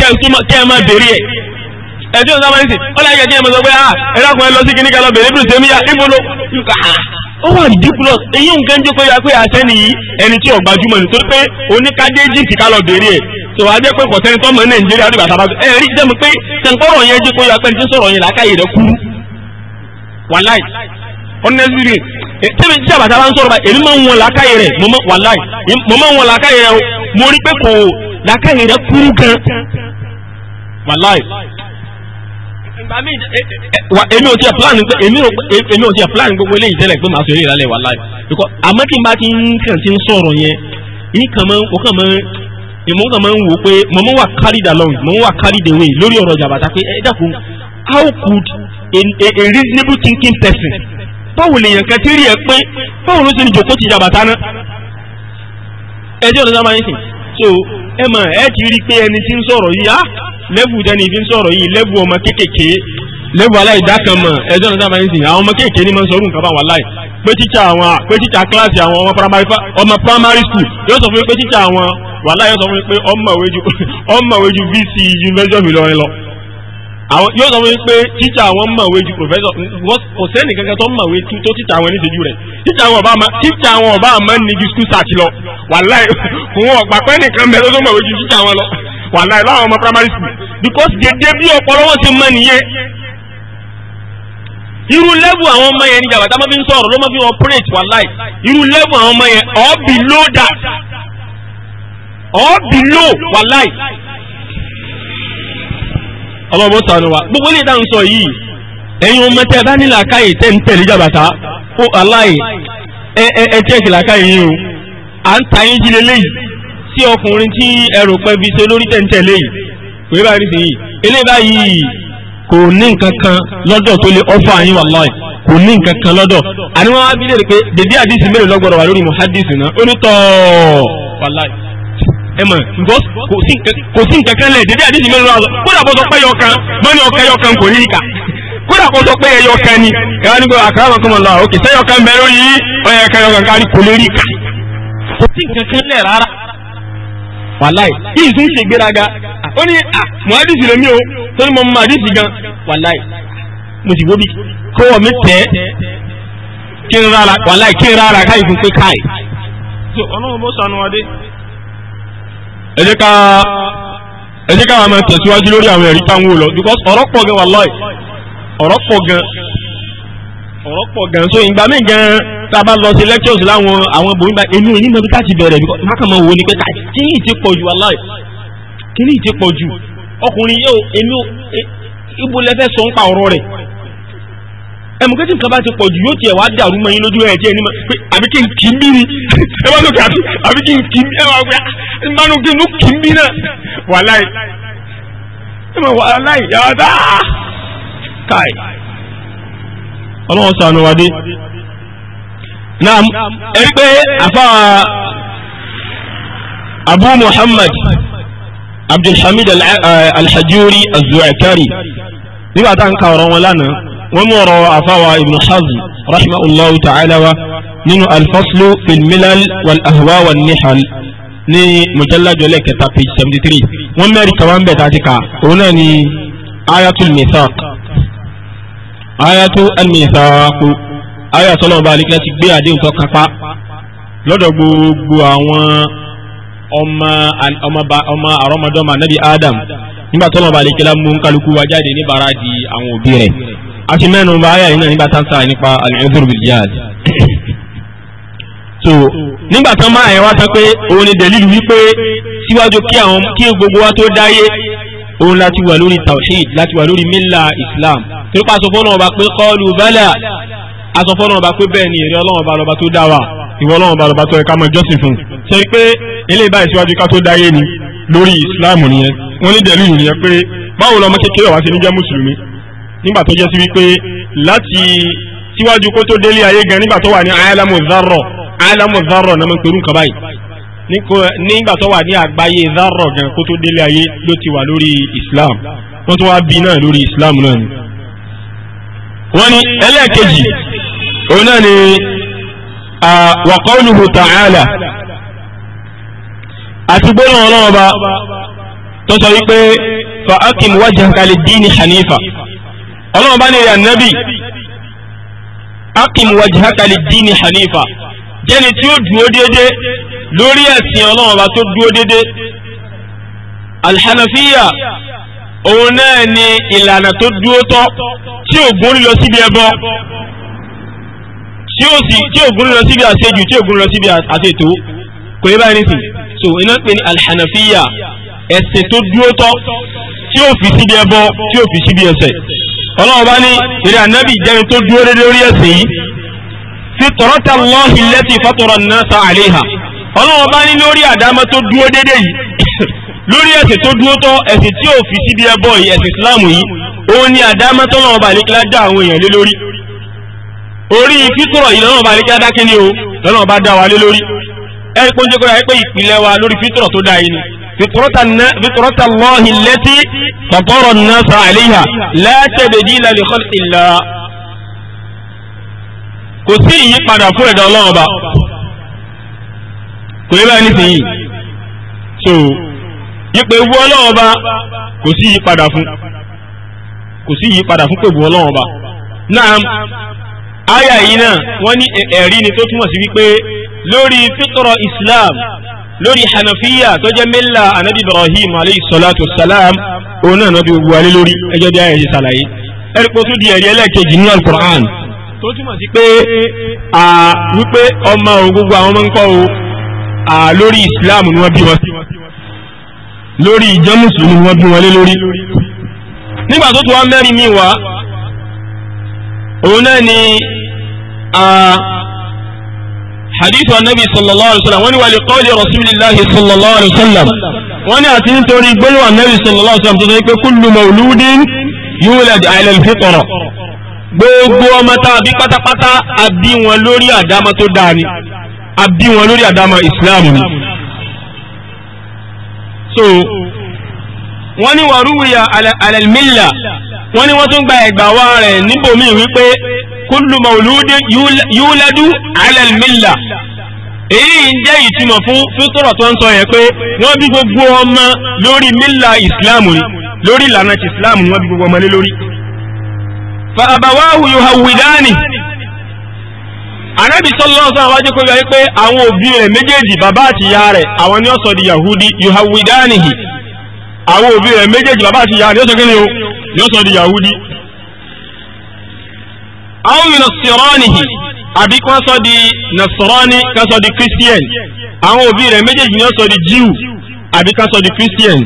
Speaker 2: kẹ́ tó máa bèèrè ẹ̀ ẹ̀sìn ọ̀sán máa ń sìn ó láyé kí ẹ mọ̀ sọ pé ah ẹ̀rọ ọkùnrin lọ sí kíní kan lọ bèrè ibùdó tèmi yá ibùdó ah, ó wà ridiculous èyí nǹkan jẹ́ pé ya pé àṣẹ ah, nìyí ẹni tí ò gbajúmọ̀ nítorí pé oníkadé egypt ká lọ bèrè ẹ̀ tó wàá jẹ́ pé kọ̀tẹ́ni tọ́mọ nàìjíríà dìgbà sábà ẹ̀ rí jẹ́mu pé tẹ̀ǹkọ́rọ̀ yẹn jẹ́ pé ya pé ní sọ̀rọ̀ yẹn làákàyè rẹ̀ kú wàláì honestly eh, tẹ́mi tí àbàtà bá ń sọ̀rọ̀ báyìí èmi máa ń wọn làákàyè rẹ̀ wàláì mo máa
Speaker 1: Eh, eh,
Speaker 2: èmi ò tiẹ̀ plan pé èmi ò eh, èmi ò tiẹ̀ plan gbogbo eléyìí tẹ́lẹ̀ pé màá sọ eré ìlàlẹ̀ wà láì because àmọ́ tí n bá ti ń kàn ti ń sọ̀rọ̀ yẹn yìí kàn máa ń kàn máa ń ìmọ̀ kan máa ń wò pé mọ̀mọ́ wà carried along mọ̀mọ́ wà carried away lórí ọ̀rọ̀ jàbàtà pé ẹ dákun how could a, a, a reasonable thinking person báwo lèèyàn kan ti rí ẹ pé báwo ló ti ń jòkó ti jàbàtà náà ẹ jẹ́ ọ̀dọ́ sábà yín sìn so ẹ mọ̀ ẹ ti rí pé ẹni tí ń sọ̀rọ̀ yìí á lẹ́bù dẹni ìfi ń sọ̀rọ̀ yìí lẹ́bù ọmọ kéékèèké lẹ́bù aláìdá kan mọ̀ ẹjọ́ nígbà máa ń sìn àwọn ọmọ kéékèèké ni máa ń sọ orúkọ bá wà láì pé tíṣà àwọn ah, pé tíṣà kíláàsì àwọn ọmọ primary school yóò sọ fún mi pé tíṣà àwọn wà láì yóò sọ fún mi pé ọmọwéjú ọmọwéjú vc yunifásitì mi lọrin lọ àwọn yóò sọ fún mi pé tíṣà àwọn mọ̀wé ju professor kò sẹ́ni kankan tó mọ̀wé tó tíṣà àwọn oníṣẹ́jú rẹ̀ tíṣà àwọn ọba tíṣà àwọn ọba àmọ́ ní ju school search lọ wàláì òun ọ̀pá pẹ́ nìkan bẹ tó tó mọ̀wé ju tíṣà àwọn lọ wàláì láwọn ọmọ primary school because dédé bí ọpọlọ wọn ti mọ nìyẹn irú lẹ́bù àwọn ọmọ yẹn ní jàbàtà máa fi ń sọ̀rọ̀ ló máa fi operate wàláì irú lẹ́bù àwọn ọmọ yẹn all below that all below wàláì ọlọ́bọ̀ sànù wa gbogbo lè dáhùn sọ yìí ẹ̀yin ọmọ tẹ́ bá nílà káyè tẹ́ ń tẹ̀lé jàbàtà ó aláì ẹ ẹ ẹ tí ẹ kìlà káyè yìí o à ń ta yín jílé léyìí sí ọkùnrin tí ẹrù pẹ́ fi ṣe lórí tẹ̀ ń tẹ̀lé yìí kò yẹ báyìí nìyí eléyìí báyìí kò ní nǹkan kan lọ́dọ̀ tó lè ọ́fà yín wàláì kò ní nǹkan kan lọ́dọ̀ àníwọ̀n á bí lè rí pé dèbí àdìsí mélòó lọ́gbọ̀dọ̀ wà lórí muhadisi náà ó ní tọ́ọ̀ wàláì ẹmọ̀ kò sí nǹkan kan lẹ̀ dédé àdéhùn mẹ́rin lọ́wọ́ kódà kó sọ pé yọ kan mọ́ni ọ̀kan yọ kan kò rí ìkà kódà kó sọ pé ẹyọ kan ni ẹ̀rọ nígbà àkàrà lọ́wọ́ òkè sẹ́yọ kan bẹ̀rẹ̀ kan yọ kan kárí kò lè rí ìkà kò sí lẹ̀ rárá wàláì tún ṣe gbéraga ó ní ah, lèmi o mo mọ àdìsí gan wàláì mo sì wóbi kó mi kí n rárá wàláì kí n rárá káyìí fún pé káyìí. ọlọ́run bó sanu adé. ẹ jẹ́ ká ẹ jẹ́ ká àwọn máa tẹ̀síwájú lórí àwọn ẹ̀rí táwọn ò lọ because ọ̀rọ̀ pọ̀ gan wàláì ọ̀rọ̀ pọ̀ gan ọ̀rọ̀ pọ̀ gan so ìgbà míì gan tá a bá lọ sí lectures láwọn àwọn bòmí bá inú yìí mọ̀ bí ká ti bẹ̀rẹ̀ because mákàmá wo ni pé kíní ti pọ̀ jù wàláì kíní ti pọ̀ jù ọkùnrin yóò inú e, ibùlẹ́fẹ́ sọ ń pa ọ̀rọ̀ rẹ̀ ẹ̀mùkẹ́ tí nǹkan bá ti pọ̀ jù yóò tiẹ̀ wá dàrú mọ́ yín lójú ẹ̀ tí ẹni mọ́ pé àbí kí n kì í bí ni ẹ bá lókè àti àbí kí n kì í ẹ bá gbé ẹ bá lókè ló kì í bí náà wàláì ẹ mọ̀ wàláì yàrá tá a káì ọlọ́wọ́ sànù wádé naam ẹ pé àfa abu muhammad abdulhamid alhajuri azuakari nígbà tá à ń ka ọ̀rọ̀ wọn lánàá wọ́n mú ọ̀rọ̀ àfáwà ibn hazm rahimahullahu ta'ala wa nínú alfaslu fil milal wal ahwa wal nihal ní mujalladu ẹlẹ́kẹta page seventy three wọ́n mẹ́rin kàwá ń bẹ̀ tá a ti kà òun náà ni ayatul mithaq ayatu al-mithaq ayatu náà bá alikẹ́ ti gbé àdéhùn tó kápá lọ́dọ̀ gbogbo àwọn ọmọ àrọ́mọdọ́mọ anabi adam nígbà tó náà alikẹ́ la mú kálukú wa jáde ní bara di àwọn òbí rẹ̀ a ti mẹ́nu bá ayà yìí náà nígbà tá ń sáré so nígbà tán máa yẹn wá sọ pé òun ni dẹ̀lílù wípé síwájú kí àwọn kí gbogbo wa tó dáyé òun láti wà lórí tawhid láti wà lórí milla islam torí pa àsọfọ́ náà ọba pé qalu bala àsọfọ́ náà ọba pé bẹ́ẹ̀ ni èrè ọlọ́run ọba lọ́ba tó dá wa ìwọ ọlọ́run ọba lọ́ba tó ẹ̀ka mọ jọ́sìn fún ṣe pé eléyìí síwájú ká tó dáyé ni lórí islam nìyẹn wọ́n ní dẹ̀lílù nìyẹn pé báwo lọmọ kékeré wá sí ní jẹ́ mùsùlùmí nígbà tó jẹ́ sí wípé láti síwájú kó tó délé ayé gan nígbà tó wà ní alamu zarro alamu zarro náà máa ń perú kaba yìí nígbà tó wà ní àgbáyé zarro gan kó tó délé ayé ló ti wà lórí islam wọ́n tó wá bí náà lórí islam náà ni. wọ́n ní ẹlẹ́ẹ̀kejì òun náà ni wa qawluhu àti gbólóhùn ọlọ́wọ́ tó sọ wípé fa akim wajhaka lid-dini hanifa ọlọ́run bá ní ìrìn ànábì akim wajhaka lid-dini hanifa jẹ́ni tí ó dúró dédé lórí ẹ̀sìn ọlọ́run bá tó dúró dédé alhanafiya òun náà ni ìlànà tó dúró tọ́ tí ò gún lọ síbi ẹbọ tí ò sì tí ò lọ síbi àṣejù tí ò lọ síbi àṣètò kò yẹ báyìí nìsín so iná pè ní alhanafiya ẹ̀sìn tó dúró tọ́ tí ò fi síbi ẹbọ tí ò fi síbi ẹ̀ṣẹ̀ ọlọ́run bá ní ìrìn ànábì jẹ́ni tó dúró lé lórí ẹ̀sìn yìí fi tọ̀rọ̀tà lọ́ọ̀hìn lẹ́tì fọ́tọ̀rọ̀ náà sa àléhà ọlọ́run bá ní lórí àdámọ́ tó dúró dédé yìí lórí ẹ̀sìn tó dúró tọ́ ẹ̀sìn tí ò fi síbi ẹbọ yìí ẹ̀sìn islam yìí òun ni àdámọ́ tó lọ́wọ́ bá lékelá dá àwọn èèyàn lé lórí orí fítọ̀rọ̀ yìí lọ́wọ́ bá lékelá dá kíní o lọ́wọ́ bá dá wa lé lórí ẹ̀rí pọ́njẹ́kọ́ yà pé ìpìlẹ̀ wa lórí fítọ̀rọ̀ tó dá yìí ni fitrata Allahi allati fatara an-nasa 'alayha la tabdila li khalqillah kò sí ìyípadà fún ẹ̀dá ọlọ́run ọba kò yẹ báyìí nísìnyí so yípe wú ọlọ́run ọba kò sí ìyípadà fún kò sí ìyípadà fún pẹ̀lú ọlọ́run ọba náà àyà yìí náà wọ́n ní ẹ̀rí ni tó túmọ̀ sí wípé lórí fítọ̀rọ̀ Islam lórí hanafiya tó jẹ́ mẹ́lá anabi ibrahim aleyhi salatu salam òun náà nàbí gbogbo alẹ́ lórí ẹjọ́ bí ayẹyẹ ṣàlàyé ẹ̀rí pé ó tún di ẹ̀rí ẹlẹ́ẹ̀kejì ní alukur'an tó túmọ̀ sí pé à wípé ọmọ òun gbogbo àwọn ọmọ ń kọ́ o à lórí islam ni wọ́n bí wọn lórí ìjọ ni wọ́n bí wọn lé lórí nígbà tó tún wá mẹ́rin mi wá òun náà ni hadith wa nabi sallallahu alaihi wasallam wọ́n ní wàlẹ̀ qawli rasulillahi sallallahu alaihi wasallam wọ́n ní àti nítorí gbólóhùn anabi sallallahu alaihi wasallam tó sọ pé kullu mawludin yulad ala al-fitra gbogbo ọmọ tá a bí pátápátá a bí wọn lórí àdámọ́ tó dáa ni a bí wọn lórí àdámọ́ ìsìláàmù ni. so wọ́n ní wàrúwìyà alẹ́lmílà wọ́n ní wọ́n tún gba ẹ̀gbà wá rẹ̀ níbòmí wípé kullu mauludin yúlẹ́dú ala al-milla èyí ń jẹ́ ìtumọ̀ fún fútọ́rọ̀ tó ń sọ yẹn pé wọ́n bí gbogbo ọmọ lórí milla islam lórí ìlànà ti islam wọ́n bí gbogbo ọmọ lé lórí fa abawahu yuhawwidani anábì sallallahu alaihi wájú kó yọrí pé àwọn òbí rẹ̀ méjèèjì bàbá àti ìyá rẹ̀ àwọn ni ó sọ di yahudi yuhawwidanihi àwọn òbí rẹ̀ méjèèjì bàbá àti ìyá rẹ̀ ó sọ kí ni o yóò sọ di yahudi àwọn nasiranihi àbí kí wọ́n sọ di nasirani kí wọ́n sọ di christian àwọn òbí rẹ̀ méjèèjì ni wọ́n sọ di jew àbí kí wọ́n sọ di christian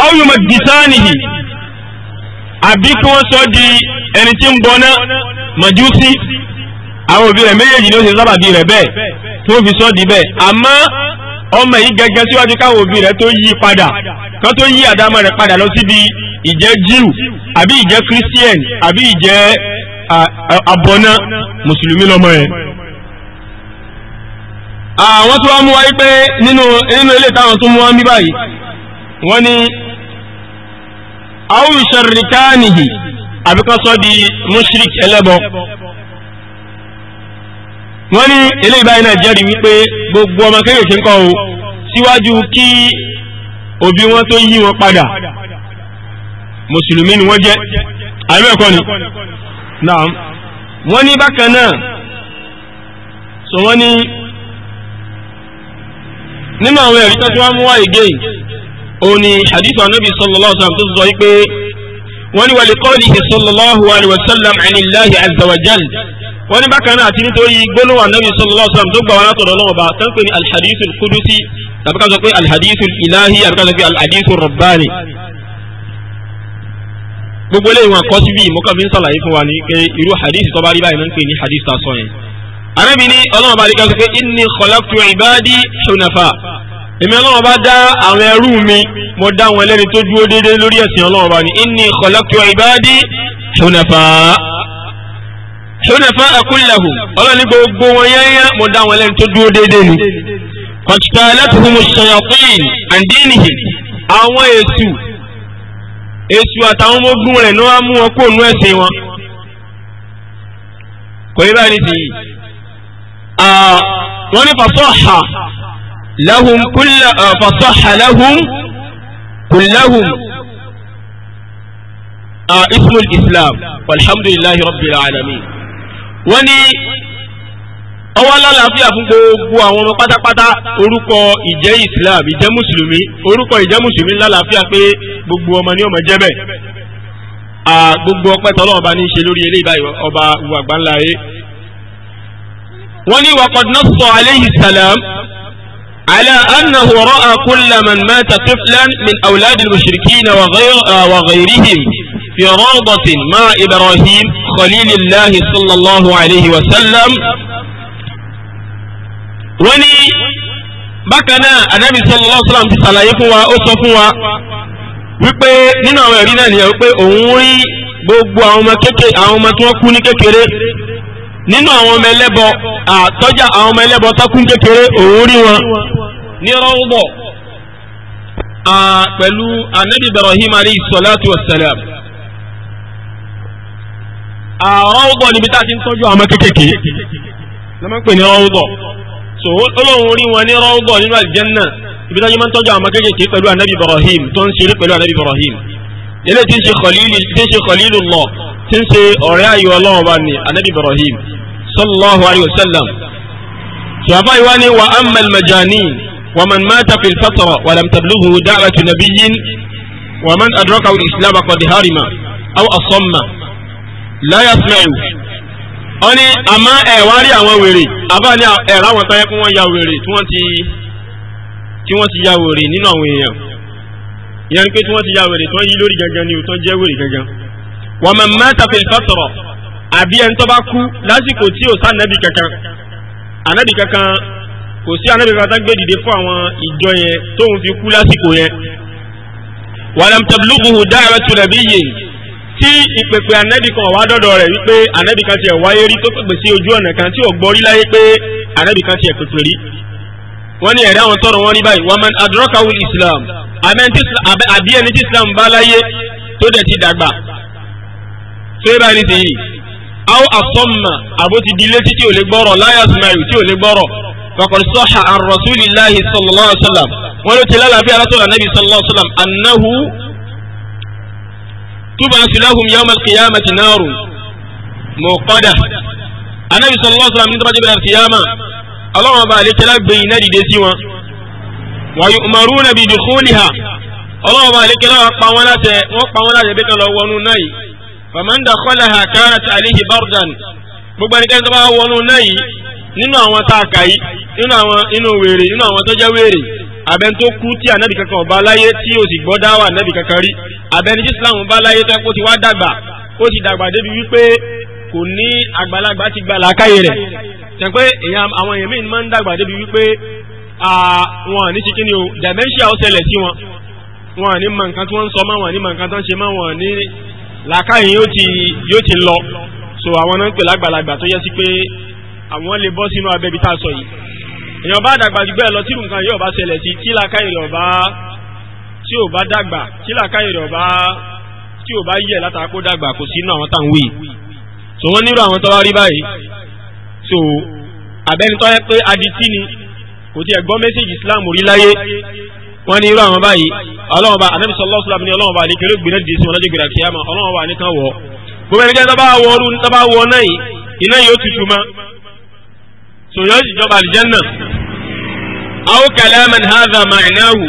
Speaker 2: àwọn yumadisanihi àbí kí wọ́n sọ di ẹni tí ń bọ́ná majusi àwọn òbí rẹ̀ méjèèjì ni wọ́n ṣe sábàbí rẹ̀ bẹ́ẹ̀ tí wọ́n fi sọ di bẹ́ẹ̀ àmọ́ ọmọ yìí gẹ́gẹ́ síwájú káwọn òbí rẹ̀ tó yí padà kan tó yí àdámọ̀ rẹ̀ padà lọ síbi ìjẹ́ Jew àbí ìjẹ́ Christian àbí ìjẹ́ abọ́ná mùsùlùmí lọ́mọ yẹn. àwọn tó wá mú wa yí pé nínú nínú ilé táwọn tó mú wa ń bí báyìí wọ́n ní àwọn ìṣẹ̀rìkánìhì àbíkọ́sọ́ di mushrik ẹlẹ́bọ wọ́n ní eléyìí báyìí náà jẹ́rìí wípé gbogbo ọmọ kéékèèké ń kọ́ o síwájú kí òbí wọn tó yí wọn padà mùsùlùmí ni wọ́n jẹ́ àìmọ́ ẹ̀kọ́ ni naam wọ́n ní bákan náà so wọ́n ní nínú àwọn ẹ̀rí tó ti wá mú wá again òun ni hadith anabi sallallahu alaihi wasallam tó sọ wípé wọ́n ní wa li sallallahu alaihi wasallam anillahi azza wa jalla wọ́n ní bákan náà àti nítorí gbólóhùn anabi sallallahu alaihi wasallam tó gbà wọn látọ̀dọ̀ náà ọba tó ń pè ní alhadithul kudusi tàbí ká sọ pé alhadithul ilahi àbí ká sọ pé alhadithul rabbani. gbogbo eléyìí wọn kọ́ síbí mọ́kàn mi ń sàlàyé fún wa ní pé irú hadith tó bá rí báyìí máa ń pè ní hadith tá a sọ yẹn. arábì ní ọlọ́run bá rí ká sọ pé inni khalaqtu ibadi hunafa èmi ọlọ́run bá dá ṣọ́nàfà àkúlẹ̀hù ọlọ́ni gbogbo wọn yányá mo dá wọn lẹ́nu tó dúró déédéé ni kọ̀tùtà alákùnrin ṣọ̀yọ̀kùnrin àndínìhì àwọn èṣù èṣù àtàwọn ọmọogun rẹ̀ ní wọ́n mú wọn kó nú ẹ̀sìn wọn kò yí báyìí nìyí wọ́n ní fasọ́hà lahum kulla fasọ́hà lahum kullahum ismul islam walhamdulillahi rabbil alamin wọ́n ní ọwọ́ lálàáfíà fún gbogbo àwọn ọmọ pátápátá orúkọ ìjẹ́ islam ìjẹ́ mùsùlùmí orúkọ ìjẹ́ mùsùlùmí lálàáfíà pé gbogbo ọmọ ní ọmọ jẹ́ bẹ́ẹ̀ gbogbo ọpẹ́ tọ́lọ́wọ́n bá ní í ṣe lórí eléyìí báyìí ọba ìwà gbáńlá ayé. wọ́n ní waqad nassa alayhi salam ala annahu ra'a kulla man mata min awladi al-mushrikina wa في روضة مع إبراهيم خليل الله صلى الله عليه وسلم وني بكنا النبي صلى الله عليه وسلم في صلاة وصفوا wípé nínú àwọn ẹ̀rí náà nìyẹn wípé òun rí gbogbo àwọn ọmọ kéke àwọn ọmọ tí wọ́n kú ní kékeré nínú àwọn ọmọ ẹlẹ́bọ àtọ́jà àwọn ọmọ ẹlẹ́bọ tákú ní kékeré òun rí wọn ní rọ́wọ́ pẹ̀lú anabi ibrahim alayhi salatu wa salam àrọ́wọ́dọ̀ ah, níbi tá a ti ń tọ́jú àwọn kékèké lọ́mọ́ pè ní rọ́wọ́dọ̀ so olóhùn rí wọn ní rọ́wọ́dọ̀ nínú àlìjẹ́nà ibi tó ń máa ń tọ́jú àwọn kékèké pẹ̀lú anabi Ibrahim tó ń ṣeré pẹ̀lú anabi Ibrahim ilé tí ń ṣe Khalilullah tí ń ṣe ọ̀rẹ́ ayò ọlọ́run bá ní anabi Ibrahim sallallahu alayhi wa sallam sọ̀rọ̀ báyìí wá ní wa amma al-majanin wa man mata fil fatra wa lam tablughu da'watu nabiyyin wa islam qad harima aw asamma láyàsímẹ́ù ọ ní àmọ́ ẹ̀ wá rí àwọn wèrè àbá ní ẹ̀rọ àwọn táyẹ́ pé wọ́n ya wèrè tí wọ́n ti tí wọ́n ti ya wèrè nínú àwọn èèyàn ìyẹn pé tí wọ́n ti ya wèrè tó ń yí lórí gangan ni tó ń jẹ́ wèrè gangan wọ́n mọ̀ mẹ́ta fèlè fọ́tọ̀rọ̀ àbí ẹni tó bá kú lásìkò tí ò sá kankan ànábì kankan kò sí ànábì kankan gbé dìde fún àwọn ìjọ yẹn tóun fi kú lásìkò yẹn wàlámtàbílùkù dáhàrà tùrẹ̀bí yìí tí ìpèpè ànẹ́bì kan wá dọ́dọ̀ rẹ̀ wípé ànẹ́bì kan tiẹ̀ wáyé rí tó pèpè sí ojú ọ̀nà kan tí ò gbọ́ rí láyé pé ànẹ́bì kan tiẹ̀ pèpè rí wọ́n ní ẹ̀rí àwọn tọrọ wọn ní báyìí wọ́n máa ń adúrọ́kàwé islam àbí ẹni tí islam bá láyé tó dẹ̀ ti dàgbà tó yẹ báyìí nísìnyí àwọn àsọ̀mà àbó ti di létí tí ò lè gbọ́rọ̀ láyàsùmáyù tí ò lè gbọ́rọ̀ fakọ̀rọ̀sọ́hà àrùn rasulillahi sallallahu alaihi wasallam wọ́n ló ti lálàbí alásọ̀rọ̀ anábì sallallahu alaihi wasallam tub'athu lahum yawma al-qiyamati narun muqada anabi sallallahu alaihi wa sallam ní tọ́bajẹ́ bẹ̀rẹ̀ kìyàmà ọlọ́run ọba àlékẹ́lá gbé iná dìde sí wọn wa yu'maruna bi dukhuliha ọlọ́run ọba àlékẹ́lá wọn pa wọn láṣẹ wọn pa wọn láṣẹ bí kan lọ wọnú náà faman dakhalaha kanat alayhi bardan gbogbo ẹnikẹ́ni tó bá wọnú náà yìí nínú àwọn táàkà yìí nínú àwọn inú wèrè nínú àwọn tó jẹ́ abẹni tó kú tí anabi kankan ọba láyé tí o sì gbọ́ dáwà anabi kankan rí abẹni tí islam bá láyé tó kó ti wá dàgbà ó ti dàgbà débi wípé kò ní àgbàlagbà ti gba làákàyè rẹ̀ tẹ̀ pé àwọn èèyàn míì máa ń dàgbà débi wípé wọn ní kíkí ni o dementia ó ṣẹlẹ̀ sí wọn wọn ní mọ nǹkan tí wọ́n ń sọ mọ́ wọn ní mọ nǹkan tó ń ṣe mọ́ wọn ní làákàyè yóò ti lọ so àwọn náà ń pè lágbàlagbà tó yẹ sí pé àwọn lè bọ́ sínú abẹ́bí tá a sọ yìí èèyàn bá dàgbà jù bẹ́ẹ̀ lọ tí nǹkan yóò bá ṣẹlẹ̀ sí tí làákàyè rẹ̀ ọba tí ò bá dàgbà tí làákàyè rẹ̀ ọba tí ò bá yẹ látara kó dàgbà kò sínú àwọn tá à ń wí so wọ́n nílò àwọn tó báyìí so àbẹ́ni tó yẹ pé adití ni kò tiẹ̀ gbọ́ mẹ́sẹ̀gì Islam rí láyé wọ́n ní irú àwọn báyìí ọlọ́run bá anabi sọlọ́ sọlọ́m ní ọlọ́run bá ní kéré gbìnà dì sí wọn lọ́jọ́ gbìnà kíyàmà ọlọ́run bá ìjọba àlìjẹ́ náà aw kalaman hadha ma'nahu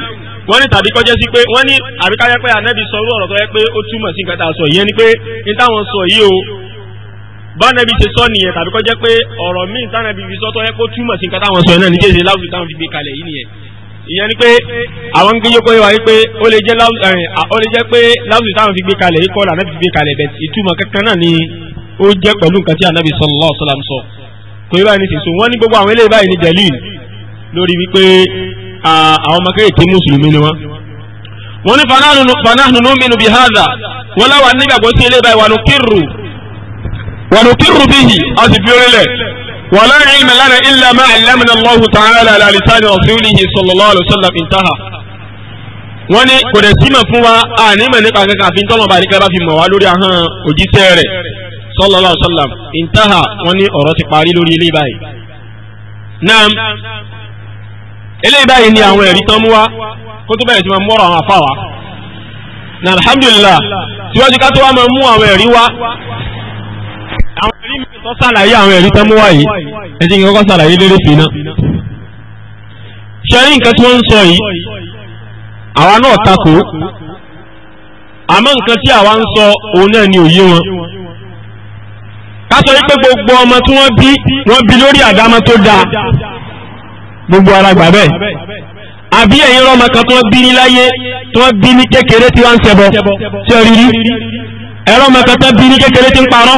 Speaker 2: wọ́n ní tàbí kọjá sí pé wọ́n ní àbíkáyẹ́ pé ànábì sọ irú ọ̀rọ̀ tó yẹ pé ó túmọ̀ sí nǹkan a sọ yìí ẹni pé ní táwọn sọ yìí o bánàbí ṣe sọ nìyẹn tàbí kọjá pé ọ̀rọ̀ míì tánàbí fi sọ tó yẹ kó túmọ̀ sí nǹkan táwọn sọ yẹn náà ní kéde láwùjọ táwọn fi gbé kalẹ̀ yìí nìyẹn ìyẹn ni pé àwọn ń gbéyé kóyè wá yìí pé eh, ó lè jẹ́ pé láwùjọ táwọn fi gbé kalẹ̀ yìí kọ́lá ànábì fi gbé kalẹ̀ bẹ̀ ìtumọ̀ kankan náà ni ó jẹ́ pẹ̀lú nǹkan tí ànábì sallallahu alaihi wasallam sọ kóyè báyìí ní sèso wọ́n ní gbogbo àwọn eléyìí báyìí ní dalil lórí wípé àwọn ọmọ kéèké mùsùlùmí ni wọ́n wọ́n ní fanáhùn nómìnú bí hádà wọ́n láwà nígbàgbọ́ sí ilé báyìí wànùkírù bíhì a sì fi orílẹ̀ wọ́n lára ilmẹ̀ lára ilẹ̀ máa ilẹ̀mìnà lọ́hùn tààrà alàlìsáàdì ọ̀fíìlìhì sallallahu alaihi wasallam intaha wọ́n ní kò dẹ̀ símọ̀ fún wa a nímọ̀ nípa kankan àfi tọ́mọ̀ bá nípa bá fi mọ̀ wá lórí ahọ́n òjíṣẹ́ rẹ̀ sallallahu alaihi wasallam intaha wọ́n ní ọ̀rọ̀ ti parí lórí ilé báyìí. naam eléyìí báyìí ni àwọn ẹ̀rí tán mú wá kó tó bẹ̀rẹ̀ sí máa mú ọ̀rọ̀ àwọn àfáà wá na alhamdulillah síwájú ká tó wá máa mú àwọn ẹ̀rí wá
Speaker 1: àwọn ẹ̀rí mi tó sàlàyé àwọn ẹ̀rí tán mú wá yìí
Speaker 2: ẹ ti kọ́kọ́ sàlàyé lérè sí iná ṣẹ́rí nǹkan tí wọ́n ń sọ yìí àwa náà takò àmọ́ nǹkan tí àwa ń sọ òun náà ni òye wọn ká sọ wípé gbogbo ọmọ tí wọ́n bí wọ́n bí lórí àdámọ́ tó dáa gbogbo ara gbà bẹ́ẹ̀ àbí ẹ̀yin rọ́mọ kan tó bí ní láyé tó bí ní kékeré tí wọ́n ń ṣẹbọ tí ó rírí ẹ̀rọ mọ̀ká tó bí ní kékeré tí ń parọ́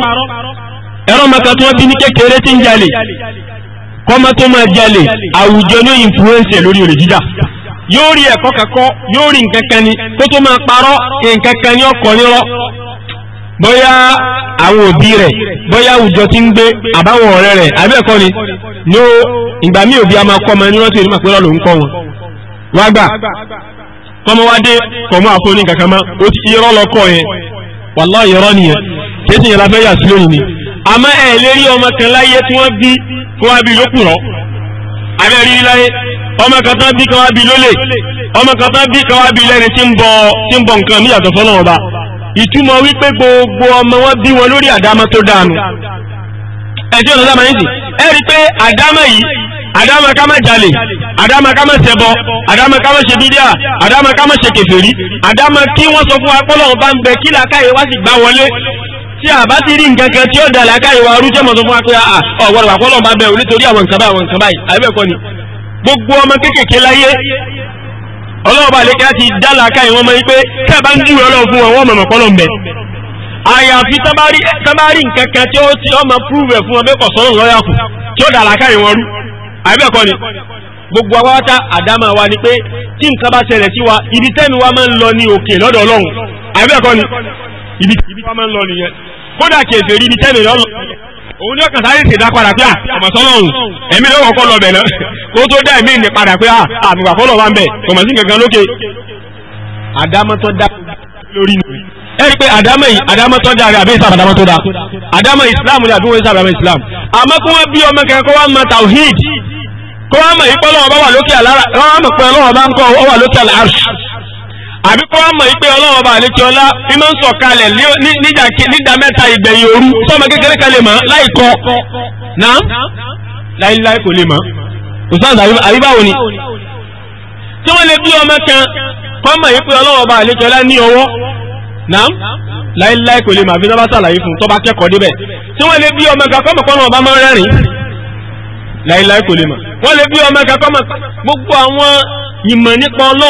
Speaker 2: ẹ̀rọ mọ̀ká tó bí ní kékeré tí ń jalè kọ́mọ tó máa jalè àwùjọ ní ìnfúwẹ́nsẹ̀ lórí olè jíjà yóò rí ẹ̀kọ́ kẹ́kọ́ yóò rí nǹkan ni kó máa parọ́ nǹkan kan ọkọ̀ nírọ́ bóyá àwọn òbí rẹ̀ bóyá àwùjọ tí ń gbé àbáwọn ọ̀rẹ́ rẹ̀ abẹ́ẹ̀kọ́ ni ní ó ìgbà mí òbí a máa kọ́ ọmọ ẹni rántí ìdí màpẹ́rọ́ ló ń kọ́ wọn wá gbà kọ́mọ wá dé kọ̀mọ́ ni àmọ́ ẹ̀ lérí ọmọ kan láyé tí wọ́n bí kó wá bí ọmọ kan tán bí kan wá bí lólè ọmọ bọ nǹkan ba ìtumọ̀ wípé gbogbo ọmọ wọn bí wọn lórí àdámọ́ tó dánu ẹ̀tí ọ̀nà sábà nìsí ẹ rí pé àdámọ́ yìí àdámọ́ ká má jalè àdámọ́ ká má ṣẹbọ àdámọ́ ká má ṣe bídíà àdámọ́ ká má ṣe kèfèrí àdámọ́ kí wọ́n sọ fún wa pọ́lọ̀ ń bẹ kí làákàyè wá sì gbá wọlé tí a bá ti rí nǹkan kan tí ó dà làákàyè wa rú jẹ́mọ̀ sọ fún wa pé ah, ah, ọ̀gbọ́dọ̀ ọlọ́run bá lékẹ́ láti dálàkà ìwọ́n mọ́ wípé kẹ́ẹ̀bá ń júwe ọlọ́run fún wọn wọ́n mọ̀mọ̀ pọ́lọ̀ àyàfi tábárì nkankan tí ó ti ọmọ púrúvẹ̀ fún ọbẹ̀ kọ̀sọ́rùn lọ́yà kù tí ó dàlàkà ìwọ́n rú àbẹ́ẹ̀kọ́ ni ni pé tí nǹkan bá wa ibi tẹ́mi wa máa ń lọ ní òkè lọ́dọ̀ ọlọ́run àbẹ́ẹ̀kọ́ ni ibi tẹ́mi wa máa ń òun ní ọkàn sáré ṣèdá padà pé ọmọ sọlọ́run ẹ̀mí ló kọ́kọ́ lọ kó tó dá ẹ̀mí ní padà pé àmìgbà fọlọ́ wa ń bẹ̀ kọ̀mọ̀ sí kankan lókè. àdámọ́tọ́ dá lórí nù. ẹ rí i pé àdámọ́ yìí àdámọ́tọ́ dá rẹ̀ àbí ìsàbà àdámọ́tọ́ dá àdámọ́ Islam ni àbí wọ́n ìsàbà àdámọ́ Islam. àmọ́ kó wọ́n bí ọmọ kankan kó wọ́n mọ tawhid kó wọ́n mọ̀ ìpọ́lọ́wọ́ bá wà lókè àlárà àbí kọ́ wá mọ̀ yí pé ọlọ́run ọba àlékí ọlá bí máa ń sọ̀ kalẹ̀ nídà mẹ́ta ìgbẹ̀yìn òru sọ́mọ kékeré kan lè mọ̀ láìkọ́ náà láíláí kò lè mọ̀ òsáàdà àríbáwò ni tí wọ́n lè bí ọmọ kan kọ́ mọ̀ yí pé ọlọ́run ọba àlékí ọlá ní ọwọ́ náà láíláí kò lè mọ̀ àfi tó bá sàlàyé fún tó bá kẹ́kọ̀ọ́ débẹ̀ tí wọ́n lè bí ọmọ kan kọ́ mọ̀ kọ́ ọmọ kan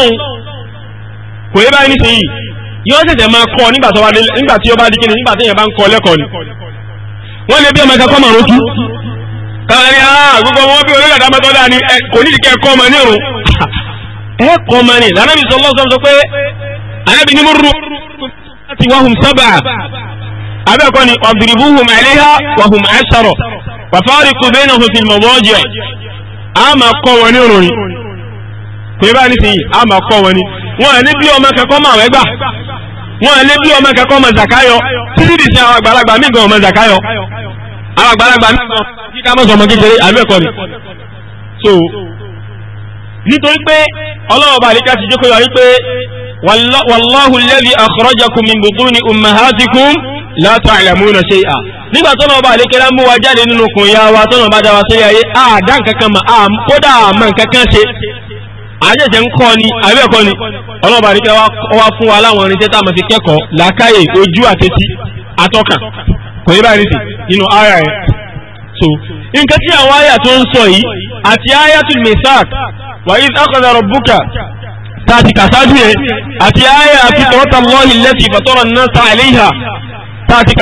Speaker 2: kò yé báyìí nísìnyí yóò ṣẹ̀ṣẹ̀ máa kọ́ nígbà tí ó bá di kíni nígbà tí èèyàn bá ń kọ́ lẹ́kọ̀ọ́ ni wọ́n lè bí ọmọ ẹ̀ka kọ́ màrún a, káàárín àá ah, gbogbo wọn bí olóyè àdámọ́ tó dáa ni kò ní ìdíkẹ́ ẹ̀kọ́ ọmọ ní ọmọ ni lànàbí sọ lọ́sọ̀ sọ pé àyàbí láti wàhùn sábà ni kò yẹ báyìí nísìnyí a máa kọ́ wọn ni wọn ẹ̀ ní bí ọmọ kẹ́kọ́ máa wẹ́ gbà wọn ẹ̀ ní bí ọmọ kẹ́kọ́ máa zakayọ títí di sin àwọn àgbàlagbà mí gan ọmọ zakayọ àwọn àgbàlagbà mí gan kíkà mọ́sọ̀ ọmọ kékeré àbí ẹ̀kọ́ ni. so nítorí pé ọlọ́wọ́ bá àríkà ti jẹ́ kó yọ wípé wàláhù lẹ́bi akhrajakum min butuni ummahatikum la ta'lamuna shay'a nígbà tó náà bá àlékè lá wa jáde nínú kùn ya wa tó náà bá dá wa sórí ayé àdá nǹkan kan mà kódà àmọ́ nǹkan kan ṣe àjẹsẹ̀ ń kọ́ ni àbí ẹ̀kọ́ ni ọlọ́ọ̀bà àdìkẹ́ wa fún wa láwọn irinṣẹ́ tá a mọ̀ sí kẹ́kọ̀ọ́ làákàyè ojú àtẹ́tí kò báyìí ara ẹ̀ so nǹkan tí àwọn àyà tó ń sọ yìí àti ayatul misak wàyí akọ̀dà rọ̀bùkà tá a yẹn àti àyà àti lọ́ọ̀lì lẹ́tì ìfọ̀tọ́rọ̀ náà ta ti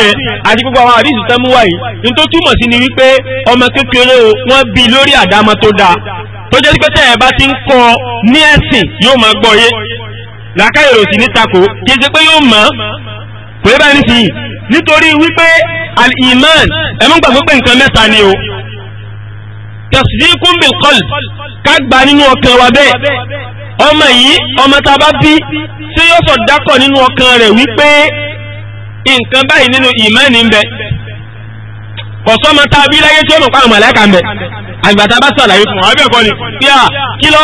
Speaker 2: yẹn àti gbogbo àwọn àdìsí tẹ́mú wáyìí ní o tó jẹ́ pé tẹ́ ẹ bá ti ń kọ́ ní ẹ̀sìn yóò máa gbọ́ yé làákàyèrò sì ní takò kì í ṣe pé yóò mọ̀ kò yẹ báyìí nísìnyí nítorí wípé al-iman ẹ̀mú gbàgbé pé nǹkan mẹ́ta ni o tasdiqun bil qalb ká gbà nínú ọkàn wa bẹ́ẹ̀ ọmọ yìí ọmọ tá a bá bí tí yóò sọ dákọ̀ nínú ọkàn rẹ̀ wípé nǹkan báyìí nínú ìmánì ń bẹ kọ̀sọ́mọ tá a bí láyé tí ó mọ̀ pa àwọn ń bẹ àgbàtà bá sàlàyé fún wọn abẹ́ẹ̀kọ́ ni pé à kí lọ́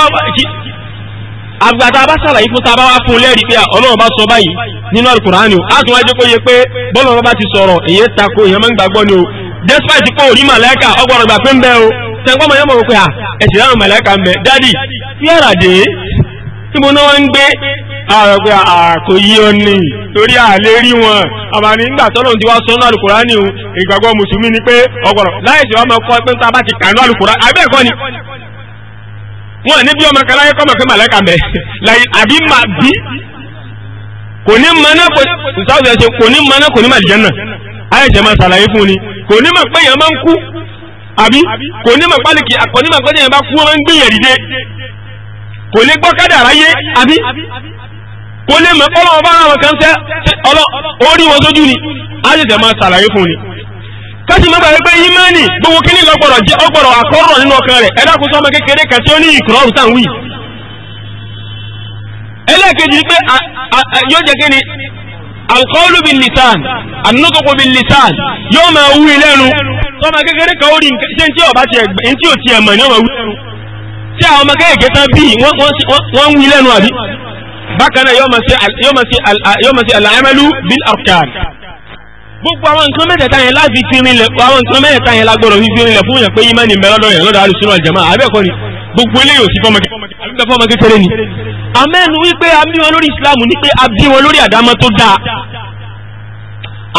Speaker 2: àgbàtà bá sàlàyé fún tàbá wá fún lẹ́rìí pé à ọlọ́run bá sọ báyìí nínú àlùkùránì o á tún wá jẹ́ kó yẹ pé bọ́lọ́run bá ti sọ̀rọ̀ èyí tako èèyàn máa ń gbàgbọ́ ni o despite pé òní màlẹ́kà ọgbọ̀rọ̀ gbà pé ń bẹ o tẹ̀gbọ́n mọ̀ yẹn mọ̀ pé à ẹ̀sìn láwọn màlẹ́kà ń bẹ dádì fíàràdé tí mo náà ń gbé àwọn pé àkò yí ó ní torí àlè rí wọn àmà ní nígbà tọ́lọ̀ ti wá sọ ní alukùránì o ìgbàgbọ́ mùsùlùmí ni pé ọgbọ̀rọ̀ láìsí ọmọ kọ́ pé tá bá ti kà ní alukùránì ni wọn ní bí ọmọ kan láyé kọ́mọ̀ pé màlẹ́kà mẹ́ láyé àbí mà bí kò ní mọ náà kò sáwùsì ẹ̀ṣẹ̀ kò ní mọ náà kò ní màlìjẹ́ náà ayẹ̀ṣẹ̀ máa ṣàlàyé fún ni kò ní mọ̀ pé yẹn máa ń kú àbí kò ní mọ̀ pálíkì kò lè mọ̀ ọba àwọn kan tẹ́ orí wọn sójú ni a ma tẹ̀ máa ṣàlàyé fún ni káṣí mọ́ gbogbo kíní lọ́gbọ̀rọ̀ jẹ́ ọgbọ̀rọ̀ àkọ́rọ̀ nínú ọkàn rẹ̀ ẹ̀dá kò kékeré kan tí ó ní ìkùrọ̀ ọ̀rùn táwọn ẹlẹ́ẹ̀kejì ni pé yóò jẹ́ kíni lisan lisan yóò máa ọmọ bákan náà yóò máa ṣe al-amalu bil arkan gbogbo àwọn nǹkan mẹ́tẹ̀ẹ̀ta yẹn láti fi rinlẹ̀ àwọn nǹkan mẹ́tẹ̀ẹ̀ta yẹn lágbọ́dọ̀ fi fi rinlẹ̀ fún yàn pé ìmánì ń bẹ lọ́dọ̀ yẹn lọ́dọ̀ àlùsùn náà jẹ̀mọ́ àbẹ́ẹ̀kọ́ ni gbogbo eléyìí ò sí fọ́mọ kékeré ni. amẹ́nu wípé a bí wọn lórí Islam ni pé a bí wọn lórí àdámọ́ tó dáa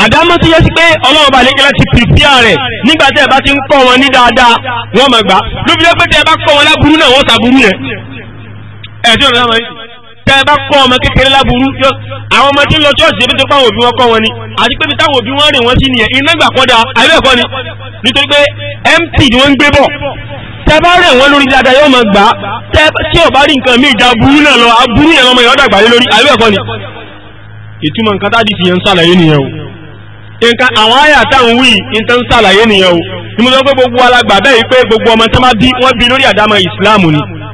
Speaker 2: àdámọ́ tó yẹ sí pé ọlọ́run bá lékelá ti pìpíà rẹ̀ nígbà tẹ́ ẹ bá ti ń kọ́ wọn ní dáadáa wọ́n máa gbà lóbi lẹ́pẹ́ tẹ́ ẹ bá kọ́ wọn láburú náà wọ́n sàbúrú yẹn ẹ̀ẹ́dẹ́gbẹ̀rún náà tẹ́ ẹ bá kọ́ ọmọ kékeré láburú àwọn ọmọ tí ń lọ ṣọ́ọ̀ṣì ebi tó pa àwọn òbí wọn kọ́ wọn ni àti pé táwọn òbí wọn rìn wọn sí nìyẹn iná gbà kọ́ da àbẹ́ẹ̀kọ́ ni nítorí pé mt ni wọ́n ń gbé bọ̀ tẹ́ bá rẹ̀ wọ́n lórí dáadáa yóò máa gbà tẹ́ tí ò bá rí nǹkan míì da burú náà lọ aburú yẹn lọmọ yẹn ọ̀dà gbàlẹ́ lórí àbẹ́ẹ̀kọ́ ni ìtumọ̀ nǹkan tá a di fi yẹn ń sàlàyé nìyẹn o nǹkan àwọn àyà táwọn wí ní tán ń sàlàyé nìyẹn o ni gbogbo alàgbà bẹ́ẹ̀ yìí pé gbogbo ọmọ tán wọ́n bí lórí àdámọ̀ ìsìláàmù ni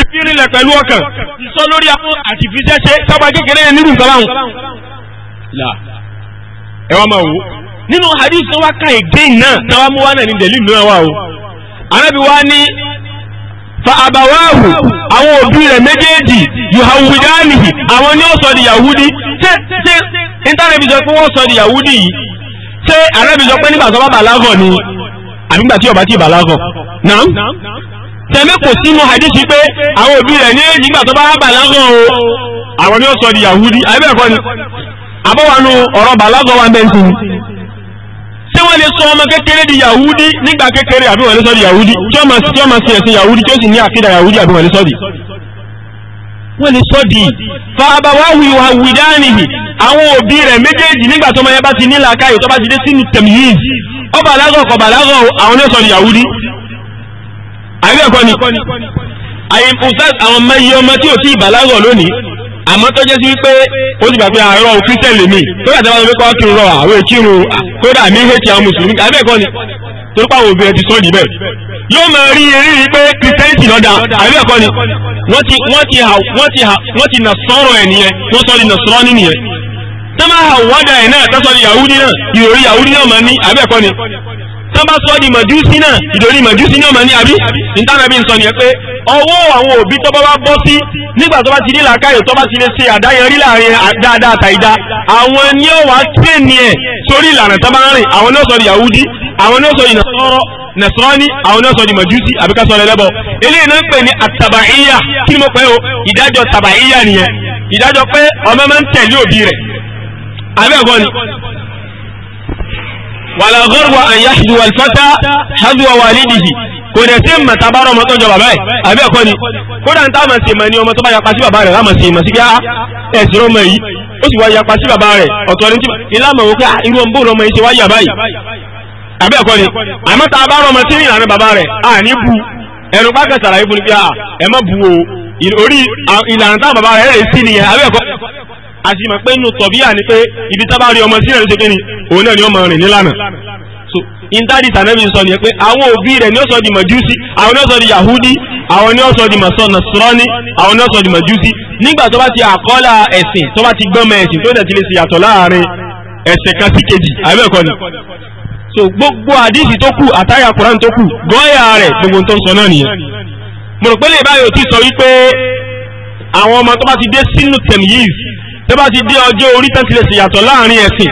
Speaker 2: ìfirinlẹ̀ pẹ̀lú ọkàn ìsọ lórí àwọn àti ìfiṣẹ́ṣe sábà kékeré yẹn nírú ìsọ́láhùn. là ẹ wá máa wò ó nínú hadith wa ka again náà táwa mú wa náà ní dẹ̀lí mìíràn wa o arábí wa ní fa àbáwáhù àwọn òbí rẹ̀ méjèèjì yuhawidanihi àwọn ní ọ̀sọ̀ di yahudi ṣé ṣé intanẹ́ẹ̀tì sọ pé wọ́n sọ di yahudi yìí ṣé arábí sọ pé nígbà tó bá bàlágọ̀ ni àbí nígbà tí ó bá ti bàlágọ̀ náà tẹ̀mí kò sínú hadisi pé àwọn òbí rẹ̀ ní nígbà tó bá bàlágọ̀ o àwọn ni ó sọ di yahudi àbẹ́ẹ̀kọ́ ni àbọ̀wánu ọ̀rọ̀ bàlágọ̀ wa bẹ́ẹ̀ sí ni tí wọ́n lè sọ ọmọ kékeré di yahudi nígbà kékeré àbí wọ́n lè sọ di yahudi tí ọmọ sí ọmọ ẹ̀sìn yahudi tí ó sì ní àkídà yahudi àbí wọ́n lè sọ di wọ́n lè sọ di fàábà wá wí wá wí dánìhì àwọn òbí rẹ̀ méjèèjì nígbà tó ọmọ yẹn bá ti ní làákàyè tó bá ti dé sínú tẹ̀míyìí ọba alágọ̀ kọ̀ bàlágọ̀ àwọn lè sọ di yahudi àbí ẹ̀kọ́ ni àyìnfùsẹ́ ọmọ tí o tí ì lónìí àmọ́ tó jẹ́ sí wípé ó ti gbà pé àárọ̀ kristian lèmi tó yàtọ̀ wọn wípé kí n rọ àwọn ìkírun kódà ni obìnrin ti sọ níbẹ̀ yóò máa rí rí pé lọ́dà wọ́n ti wọ́n ti wọ́n ti wọ́n ti nà ẹ̀ nìyẹn sọ ní ẹ̀ tán bá sọ di màjúsí náà ìdòrí màjúsí náà mà ní àbí ìtànàbí nsọ nìyẹn pé ọwọ́ àwọn òbí tó bá bọ́ sí nígbà tó ti nílà káyọ̀ ti lè ṣe àdáyẹrí láàrin dáadáa àtàìdá àwọn ni ó wàá tẹ̀lé ẹ̀ sórí ìlànà tó rìn àwọn ni sọ di Yahudi àwọn ni sọ di nàṣọ́rọ́ nasrani àwọn náà sọ di majusi àbí ká sọ lẹlẹbọ eléyìí náà ń pè ní àtàbàíyà kí ni mo pè o ìdájọ́ tàbàíyà nìyẹn ìdájọ́ pé ọmọ máa ń tẹ̀lé òbí rẹ̀ àbí wàlá gọ́rùwà àyà ṣùgbọ́n alfata ṣáàdùwà wà nídìí kò dẹ̀ sí mọ̀ tá a bá rọ ọmọ tó jọ bàbá ẹ̀ àbí ẹ̀kọ́ ni kódà ń táwọn sì mọ̀ ni ọmọ tó bá yapa sí bàbá rẹ̀ láwọn sì mọ̀ sí kí á ah, ẹ̀sìn ọmọ yìí ó sì wá yapa sí bàbá rẹ̀ ọ̀tọ̀ ní tí ìlànà òun pé ah, irú ọmọ ọmọ yìí ṣe wáyé àbáyìí àbí ẹ̀kọ́ ni àmọ́ tá a bá rọ ọmọ tí bàbá rẹ̀ à ní bu ẹnu a sì mọ̀ pé nínú tọ̀bíyà ni pé ibi tá bá rí ọmọ sí ìrìn ṣèkéni òun náà ni ọmọ rìn nílànà so intadi tànẹ́bí sọ nìyẹn pé àwọn òbí rẹ̀ ni ó sọ di màjúsí àwọn ni ó sọ di yahudi àwọn ni ó sọ di màsọ nasrani àwọn ni ó sọ di màjúsí nígbà tó bá ti àkọ́lá ẹ̀sìn tó bá ti gbọ́mọ ẹ̀sìn tó dẹ̀ ti lè ṣe yàtọ̀ láàrin ẹ̀sìn kan sí kejì àbẹ́ẹ̀kọ́ ni so gbogbo àdísì tó kù àtàyà kuran tó kù gọ́ọ̀yà rẹ̀ gbogbo tó ń sọ náà nìyẹn mo rò pé lè báyìí ò ti sọ wípé àwọn ọmọ tó bá ti dé sínú tẹ̀míyìí tó bá ti dé ọjọ́ orí tán ti lè ṣèyàtọ̀ láàrin ẹ̀sìn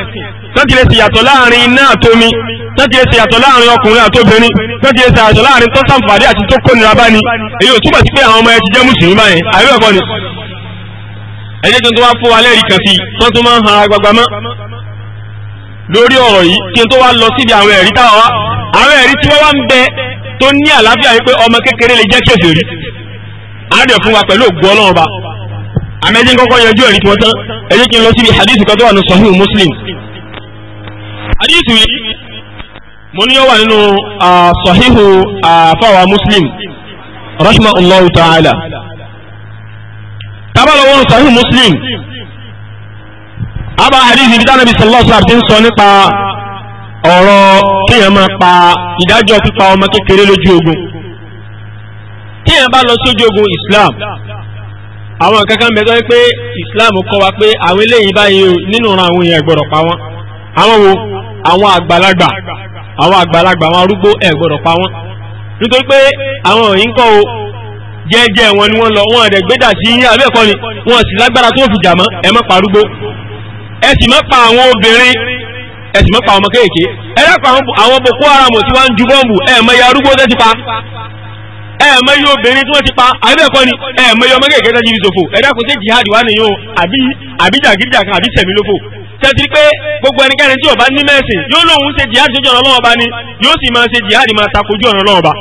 Speaker 2: tán ti lè ṣèyàtọ̀ láàrin iná àtomi tán ti lè ṣèyàtọ̀ láàrin ọkùnrin àtobìnrin tán ti lè ṣèyàtọ̀ láàrin tó sàǹfààní àti tó kónira bá ni èyí ò túbọ̀ sí pé àwọn ọmọ ẹ ti jẹ́ mùsùlùmí báyẹn àríwẹ̀ kọ́ ni. ẹ jẹ́ kí n tó wá fún wa lẹ́rìí kan sí i tán tó máa ń han agbagba mọ́ lórí ọ̀rọ̀ yìí kí n tó wá lọ síbi àwọn ẹ̀rí táwọn wá àwọn ẹ̀rí tí wọ́n wá ń bẹ tó ní àlàáfíà wípé ọmọ kékeré lè jẹ́ kèfèrí àádọ́ fún wa pẹ̀lú ògbó ọlọ́run ba àmẹ́jẹ́ kọ́kọ́ yanjú ẹ̀rí tí wọ́n tán ẹ jẹ́ kí n lọ síbi hadith kan tó wà ní sahih muslim hadith yìí mo ní yóò wà nínú sahih fáwa muslim Allahu ta'ala tábàlọ́ wọn sahih muslim abba hadith ibi tánàbí sallallahu alaihi wasallam ti ń sọ nípa ọ̀rọ̀ kéèyàn máa pa ìdájọ́ pípa ọmọ kékeré lójú ogun kéèyàn bá lọ sójú ogun islam. islam àwọn kankan mẹ́tọ́ pé islam kọ́ wa pé àwọn eléyìí báyìí o nínú ran àwọn èèyàn gbọ́dọ̀ pa wọ́n àwọn wo àwọn àgbàlagbà àwọn àgbàlagbà àwọn arúgbó ẹ̀ gbọ́dọ̀ pa wọ́n nítorí pé àwọn òyìn kọ́ o jẹ́jẹ́ wọn ni wọ́n lọ wọn ẹ̀dẹ̀ gbéjà sí yín abẹ́ẹ̀kọ́ ni wọn sì lágbára tó fìjà mọ́ ẹ má pa arúgbó ẹ sì má pa àwọn obìnrin ẹ sì má pa àwọn ọmọ kéèké ẹ dákọ̀ àwọn Boko Haram tí wọ́n ń ju bọ́ǹbù ẹ̀ mọ iye arúgbó tẹ́ ti pa ẹ̀ẹ̀mọ́ yóò obìnrin tí wọ́n ti pa àbẹ́ẹ̀kọ́ ni ẹ̀ẹ̀mọ́ yóò mọ́gẹ̀ ìkẹta jírí sòfò ẹ̀dá kò sí jihad wà nìyó àbíjà gíríjà kan àbí sẹ̀mí lófò tẹ́tí pé gbogbo ẹnikẹ́ni tí ó bá ní mẹ́sìn yóò lóun ṣe jihad sójú ọ̀nà Ọlọ́run Ọba ni yóò sì máa ṣe jihad máa takojú ọ̀nà Ọlọ́run Ọba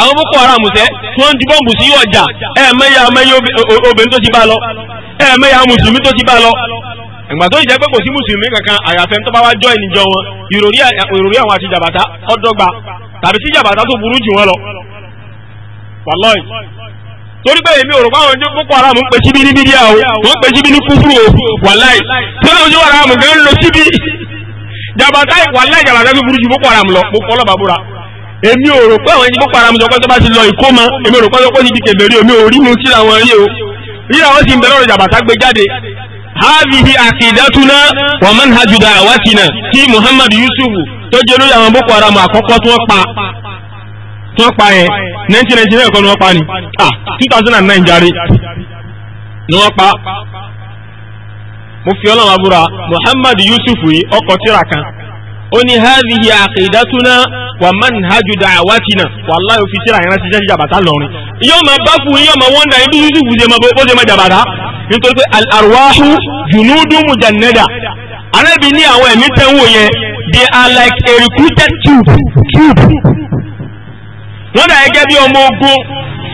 Speaker 2: àwọn boko haram sẹ́ tí wọ́n ń di bọ́ǹbù sí ọjà ẹ̀ẹ̀mẹ́yà mẹ́yà obìnrin tó ti bá lọ ẹ̀ẹ̀mẹ́yà mùsùlùmí tó ti bá tàbí tí jàbàtà tó burú jù wọn lọ wàlọ́ì torí bẹ́ẹ̀ mi ò rò báwọn ojú boko haram ń pe síbi ní bídíà o wọ́n pe síbi ní kúfúrú o wàláì tí wọ́n ojú haram gan ń lo síbi jàbàtà wàláì jàbàtà tó burú jù boko haram lọ mo fọlọ́ bàbúrà èmi ò rò pé àwọn ẹni boko haram sọ pé tó bá ti lọ ìkó ma èmi ò rò pé tó ti kèbèrè o mi ò rí mu sí àwọn ayé o rí àwọn sì ń bẹ̀rẹ̀ ọ̀rọ̀ jàbàtà gbé jáde hàbìhì àkìdátúná wàmánhàjùdà àwátìnà tí Muhammad Yusuf tó jẹ́ lórí àwọn boko haram àkọ́kọ́ tí wọ́n pa tí wọ́n pa yẹn 1999 kọ́ ni wọ́n pa ah 2009 jàre ni wọ́n pa mo fi ọlọ́run abúra muhammad yusuf yìí ọkọ̀ tíra kan ó ní hadhihi wa manhaju da'awatina wallahi fi tíra yẹn rántí jẹ́ jàbàtà yóò máa bá fún yóò máa wọ́ndà yusuf ṣe máa ṣe máa nítorí pé they are like a recruited troop troop wọ́n dà gẹ́gẹ́ bí ọmọ ogun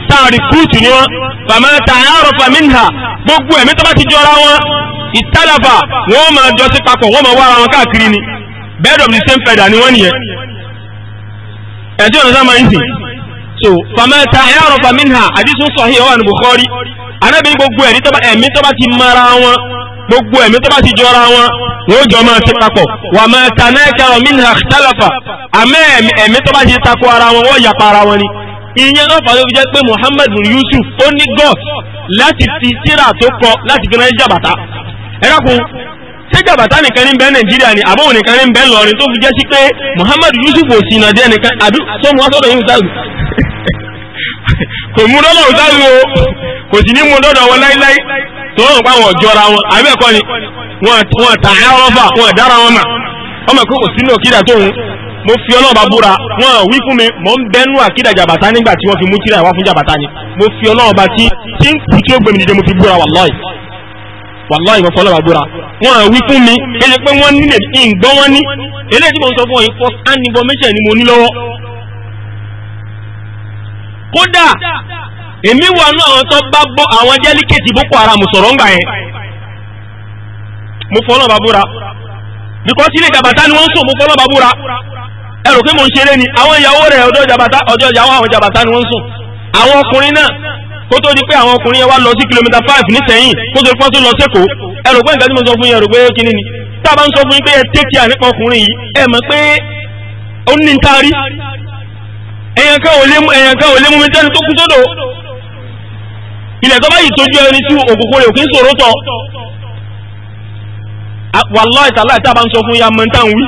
Speaker 2: táwọn rìkúùtù ni wọ́n bàmá ta'arafa minha gbogbo ẹ̀mí tó bá ti jọra wọn ìtàlàbà wọ́n máa jọ sí papọ̀ wọ́n máa wá ara wọn káàkiri ni bed of the same feather ni wọ́n nìyẹn ẹ̀jẹ̀ ọ̀nà sáà máa ń sìn so bàmá ta'arafa minha àdísùn sahih wà ní Bukhari gbogbo ẹ̀mí tó bá ti mara wọn gbogbo ẹ̀mí tó bá ti jọra wọn wọ́n jọ máa ṣe papọ̀ wà máa ta náà kẹrọ mí nà àmẹ́ ẹ̀mí tó bá ti takọ ara wọn wọ́n yapa ara wọn ni. ìyẹn náà fàlọ́ jẹ́ pé Yusuf ó ní gọ́ọ̀t láti fi síra tó kọ láti fi ránṣẹ́ jàbàtà. ẹ dákun ṣé jàbàtà nìkan ní bẹ́ẹ̀ ni àbọ̀ nìkan ní bẹ́ẹ̀ lọ́rin tó fi jẹ́ sí pé Yusuf ò àbí tó wọn pa wọn jọra wọn àbí ẹ̀kọ́ wọn ta ẹrọ́fà dára wọn mà wọn mọ̀ kò sínú òkìdá tó mo fi ọlọ́ọ̀bá búra wọn wí fún mi mo ń bẹnu àkìdá jàbàtà nígbà tí wọ́n fi mú tíra ìwá fún jàbàtà ni mo fi ọlọ́ọ̀bá tí tí ń kú tí ó gbẹmí dídé mo fi búra wàlọ́ọ̀ì wàlọ́ọ̀ì mo fọlọ́ọ̀bá búra wọn wí fún mi ẹni pé wọ́n nílẹ̀ ìgbọ́ wọn ní eléyìí tí mo sọ fún ọ yìí first hand information mo ní lọ́wọ́ kódà èmi wà nú àwọn tó bá bọ́ àwọn dẹ́líkèétì boko haram sọ̀rọ̀ ń gbà yẹn mo fọ́ lọ́ba búra bíkọ́sí ilé ni wọ́n ń sùn mo fọ́ lọ́ba búra pé mo ń ṣeré ni àwọn ìyàwó rẹ̀ ọjọ́ jàbàtà ọjọ́ ìyàwó àwọn jàbàtà ni wọ́n ń sùn àwọn ọkùnrin náà kó tó di pé àwọn ọkùnrin yẹn wá lọ sí kìlómítà five nísẹ̀yìn kó tó pọ́n tó lọ sẹ́kọ̀ọ́ ẹ rò pé nǹkan tí mo sọ fún yẹn rò pé ilẹ̀ tó bá yìí tójú ẹni tí òkùnkùn rẹ̀ òkè ń sòrò tọ̀ wàláhì tàláhì tá a bá ń sọ fún ya mọ́ntà ń wí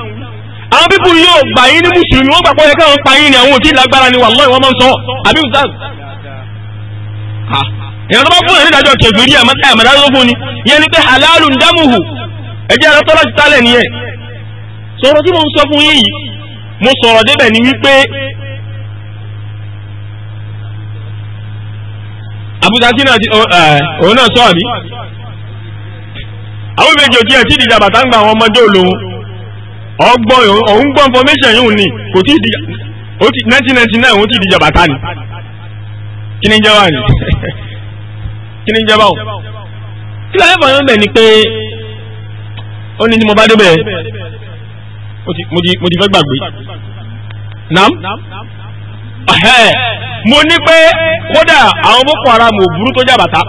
Speaker 2: àwọn pípù yóò gbà yín ní mùsùlùmí wọ́n gbàgbọ́ yẹ káwọn pa yín ní àwọn òtí lágbára ni wàláhì wọ́n máa ń sọ àbí ustaz ìyẹn tó bá fún ẹni dájọ́ kẹfìrí àmàdájọ́ fún ni ìyẹn ni pé halalu dámùhù ẹjẹ́ ẹ̀rọ tọ́lá ti tálẹ̀ nìyẹn sọ̀rọ̀ tí mo ń sọ fún yín yìí mo sọ̀rọ̀ débẹ̀ ni wípé àbúdásí náà ti òun náà sọ àbí àwọn ìbejì òjì ẹ̀ tí ìdìjà bàtà ń gba àwọn ọmọdé olóhun ọgbọ́n òun gbọ́ information yìí ni kò tí ìdìjà ó ti 1999 òun ti ìdìjà bàtà ni kí ni jẹ́wà ni kí ni jẹ́wà o kí lóye fọyọ́ bẹ̀ ni pé ó ní tí mo bá débẹ̀ mo ti fẹ́ gbàgbé nam mo ní pé kódà àwọn boko haram ò burú tó jàbàtà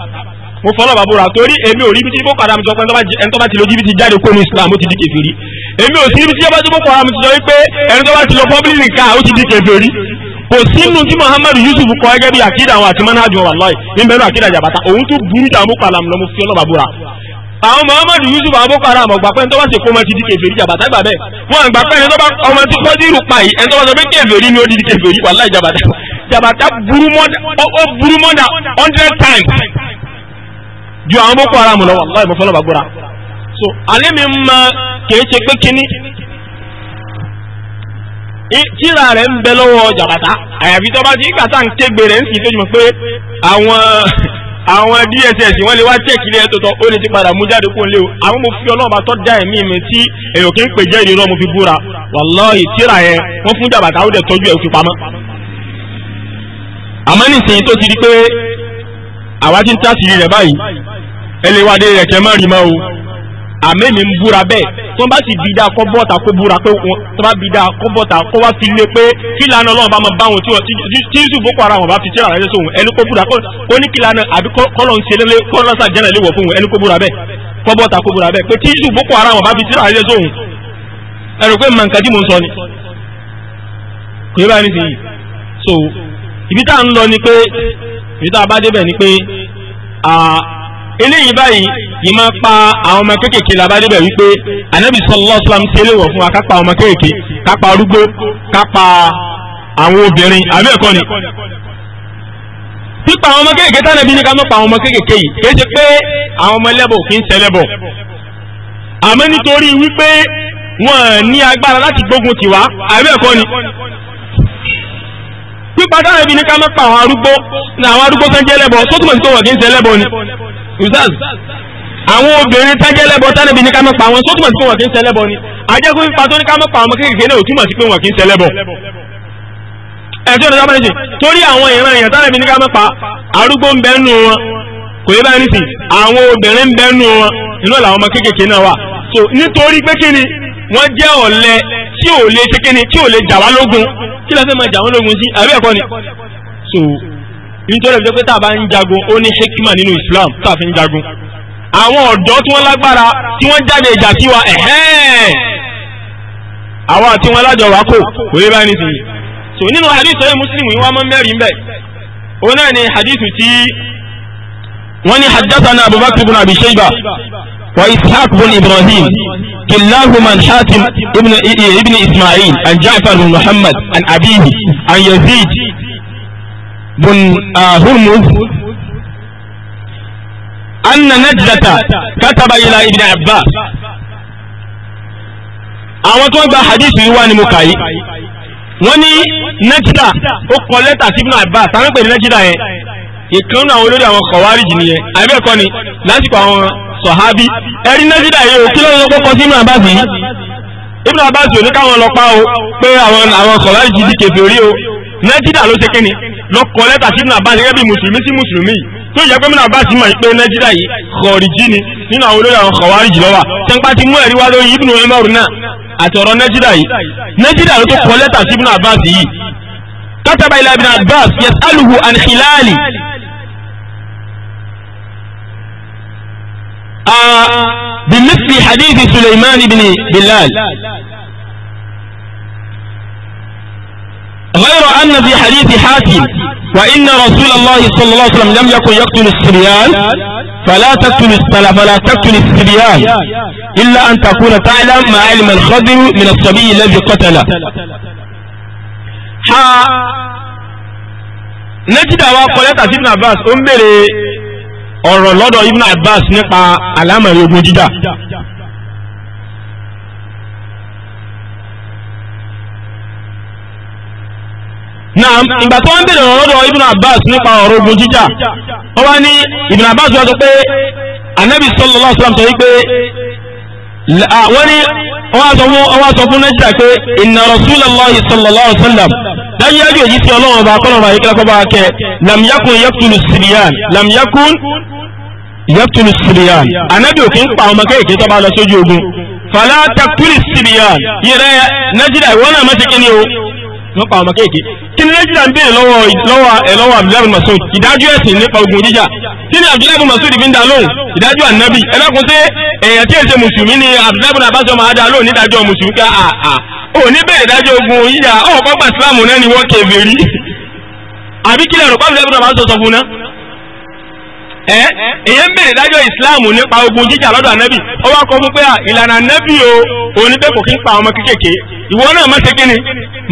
Speaker 2: mo fọlọ́ bàbúrà torí èmi ò rí ibi tí boko haram sọ pé ẹni tó bá ti lójú ibi jáde kó ní islam ó ti di kèfèrí èmi ò sí ibi tí yọba tí boko haram ti sọ wípé ẹni tó bá ti lọ public nìkan ó ti di kèfèrí kò sínú tí muhammadu yusuf kọ gẹ́gẹ́ bí akida àwọn àti manhajj wọn wà lọ́ọ̀ ìbẹ̀rù akida jàbàtà òun tó burú jà boko haram lọ mo fi ọlọ́ bàbúrà àwọn muhammadu yusuf àwọn boko haram ọgbà pẹ́ni tó bá ṣe kó ọmọ títí kèfèrí jàbàtà gbà bẹ́ẹ̀ wọn àgbà pẹ́ni tó bá ọmọ tí kọ́ dírù pa yìí ẹni tó bá sọ pé kèfèrí ni ó dìdí kèfèrí wàláhì jàbàtà jàbàtà burú mọ́dà hundred times ju àwọn boko haram lọ wàláhì mọ́ fọlọ́ bàgbọ́ra so alẹ́ mi ma kìí ṣe pé kínní tíra rẹ̀ ń bẹ lọ́wọ́ jàbàtà àyàfi tó bá ti ìgbà àwọn DSS wọ́n lè wá tẹ̀kì lé ẹ̀tọ́tọ́ ó lè ti padà mú jáde kó lé o àwọn mo fi ọlọ́run bá tọ́ da ẹ̀mí mi tí èèyàn kì í pè jẹ́ ìrírọ́ mo fi búra wàláhì tíra yẹn wọ́n fún jàbàtà ó dẹ̀ tọ́jú ẹ̀ fi pamọ́. àmọ́ nísìnyí tó ti di pé àwa ti ń tásìrì rẹ̀ báyìí ẹ lè wá dé rẹ̀ kẹ́ mọ́ mọ́ o àmẹ́mi ń búra bẹ́ẹ̀ tó bá sì bí dáa kọ́ bọ́ta kó búra pé tó bá bí dáa kọ́ bọ́ta kó wá fi lé pé kí lànà ọlọ́run bá máa bá wọn tí yusuf boko haram bá fi tíra rẹ̀ sóhun ẹni kó búra kó ní kí lànà àbí kọ́lọ̀ ń selé kọ́lọ̀ sà jẹ́nà léwọ̀ fún wọn ẹni kó búra bẹ́ẹ̀ kọ́ bọ́ta kó búra bẹ́ẹ̀ pé tí yusuf boko haram bá fi tíra rẹ̀ sóhun ẹ̀rọ pé mànkà mo ń eléyìí báyìí ìmọ̀ pa àwọn ọmọ kéékèèké labá débẹ̀ wípé anabi sọlọ alaihi wasallam wọ fún wa kápá ọmọ kéékèèké kápá arúgbó kápá àwọn obìnrin àbí ẹ̀kọ́ ni. pípa àwọn pé àwọn ọmọ ẹlẹ́bọ̀ kì í ṣẹlẹ́bọ̀ àmọ́ nítorí ni àwọn obìnrin tájẹ́ lẹ́bọ tánàbí ní ká má pa wọn tó túmọ̀ sí pé wọn kì í ṣẹlẹ́bọ ni àjẹkùn fífa tó ní ká má pa wọn kékeré náà ò túmọ̀ sí pé wọn kì í ṣẹlẹ́bọ ẹ̀jọ́ ìdájọ́ méjì torí àwọn ìran èèyàn tánàbí ní ká má pa arúgbó ń bẹ nù wọn kò yẹ báyìí nìsín àwọn obìnrin ń bẹ nù wọn inú ẹ̀ làwọn ọmọ kékeré náà wà so nítorí pé kíni wọ́n jẹ́ ọ̀lẹ tí ò lè ṣe kíni tí ò lè jà wá lógun àwọn ọ̀dọ́ tí wọ́n lágbára tí wọ́n jáde ìjà sí wa ẹ̀hẹ́n àwọn àti wọn alájọ wa kò kò yé báyìí nìyí so nínú hadith ọ̀yẹ́ muslim yìí wọ́n mọ́ mẹ́rin bẹ́ẹ̀ òun náà ni hadith tí wọ́n ní haddathana abubakar ibn abi shayba wa ishaq ibn ibrahim كلاهما حاتم ابن ابن اسماعيل عن جعفر بن Muhammad عن Abihi عن Yazid bin هرمز ah, anna najdata kataba ila ibn abbas àwọn tó ń gba hadith yìí wá ni mo kà wọ́n ní najda ó kọ lẹ́tà sí ibn abbas àwọn pè ní najda yẹn ìkan náà àwọn olórí àwọn kọ̀wárìjì nìyẹn àbẹ́ẹ̀kọ́ ni lásìkò àwọn sọ̀hábí ẹ̀rí najda yìí ò kí lọ́wọ́ kọ́kọ́ sí ibn abbas yìí ibn abbas ò ní káwọn lọ pa o pé àwọn àwọn kọ̀wárìjì di kèfèrí o najda ló ṣe kíni lọ kọ lẹ́tà sí ibn abbas gẹ́gẹ́ bí mùsùlùmí sí mùsùlùmí yìí tó jẹ́ pé múnà bá ti mọ̀ pé nàìjíríà yìí kọ̀ọ̀rìjì ni nínú àwọn olórí àwọn kọ̀wárì jùlọ wà tẹ́ńpá ti mú ẹ̀rí wá lórí ibùdó ẹmọ́rù náà àti ọ̀rọ̀ nàìjíríà yìí nàìjíríà ló tó kọ lẹ́tà sí ibùdó Abbas yìí kátàbà ilà ibùdó Abbas yasaluhu an hilali ah, bimithli hadithi Sulaiman ibn Bilal غير أن في حديث حاتم وإن رسول الله صلى الله عليه وسلم لم يكن يقتل الصبيان فلا تقتل فلا تقتل الصبيان إلا أن تكون تعلم ما علم الخضر من الصبي الذي قتله ha nẹ́tìdà wa kọ lẹ́tà sí ibn abbas ó ń béèrè ọ̀rọ̀ lọ́dọ̀ ibn náà ìgbà tó ń bèèrè ọ̀rọ̀ Ibn Abbas nípa ọ̀rọ̀ ogun jíjà wọ́n wá ní Ibn Abbas wá sọ pé anabi sallallahu alaihi wasallam sọ wípé ah, wọ́n ní wọ́n wá sọ fún nàìjíríà pé inna Rasulullahi sallallahu alaihi wasallam láyé ẹjọ́ yìí tí ọlọ́run ọba akọ́nà ọba ayíkẹ́lẹ́ kọ́ba akẹ́ lam yakun yaqtulu siriyan lam yakun yaqtulu siriyan anabi òkè ń pa ọmọ kéèké tó bá lọ sójú ogun fala taqtulu siriyan yẹrẹ nàìjíríà ìwọ́n náà má ti kí ni o wọ́n pa ọmọ kéèké kí ni lẹ́jìdá ń béèrè lọ́wọ́ lọ́wọ́ Abdullahi bin Mas'ud ìdájọ́ ẹ̀sìn nípa ogun jíjà kí ni Abdullahi bin Mas'ud fi ń dá lóhùn ìdájọ́ ànábì ẹlẹ́kùn sí èèyàn tí èsè mùsùlùmí ni Abdullahi bin Abbas máa dá lóhùn nídájọ́ mùsùlùmí ká à à ò ní béèrè ìdájọ́ ogun jíjà ọ̀pọ̀ gbà náà ni wọ́n kèfèrí àbí kí lẹ́rù pàbílẹ̀ bin Abbas sọ fún náà ẹ èyàn ń bèrè dájọ́ islam nípa ogun jíjà lọ́dọ̀ ànábì ó wá kọ fún pé ìlànà ànábì o òní pé kò kí ń pa ọmọ kékèké ìwọ náà má ṣe kíni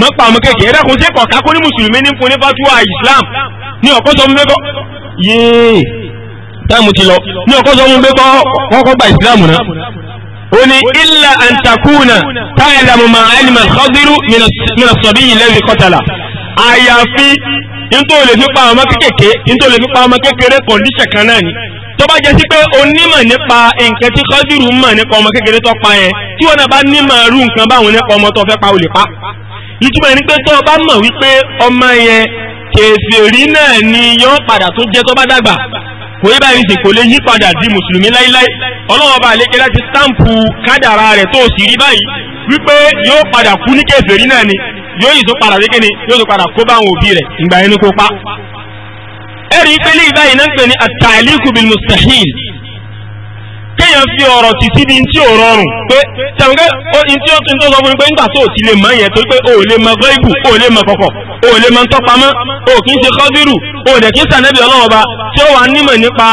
Speaker 2: má pa ọmọ kékèké ẹ̀dá kun ṣe kọ̀ọ̀ká kó ní mùsùlùmí ní fún ní fatuwa islam ní ọ̀kọ́ sọ fún bẹ́kọ́ yéé táàmù ti lọ ní ọ̀kọ́ sọ fún bẹ́kọ́ kọ́kọ́ gba islam náà ó ní illa an takuna ta'lamu ma alima al-khadiru min as-sabiy alladhi qatala àyàfi nítorí lè fi pa ọmọ kékeré nítorí lè fi pa ọmọ kékeré kọ̀ǹdíṣẹ̀ kan náà ni tó bá jẹ́ sí pé o nípa nǹkan tí kọ́sìrù mọ̀ nípa ọmọ kékeré tó pa yẹn tí wọn náà bá nímọ̀ irú nǹkan báwọn nípa ọmọ tó fẹ́ pa o lè pa ìtumọ̀ ni pé tó o bá mọ̀ wípé ọmọ yẹn kèfèrí náà ni yọ padà tó jẹ́ tó bá dàgbà kò yẹ báyìí sì kò lè yí padà di mùsùlùmí láíláí ọlọ́wọ́ bá lékè láti stampu kádàrá rẹ̀ tó o sì rí báyìí wípé yóò padà kú ní kèfèrí náà ni yóò yìí tó padà sí kíni yóò tó padà kó bá àwọn òbí rẹ̀ ìgbà yẹn ní kó pa. ẹ̀rí ìpele ìbáyìí náà ń pè ní at-ta'liqu bil mustahil kéèyàn fi ọ̀rọ̀ títí di ntí ò rọrùn pé tẹ̀wọ́n ó ntí ó tún tó sọ fún mi pé nígbà tó ti lè mọ yẹn torí pé o ò lè mọ gọ́ìbù o ò lè mọ kọ̀kọ̀ o ò lè mọ ntọ́pamọ́ o kì í ṣe kọ́dírù o ò dẹ̀ kí sànẹ́bí ọlọ́wọ́ ba tí ó wà nímọ̀ nípa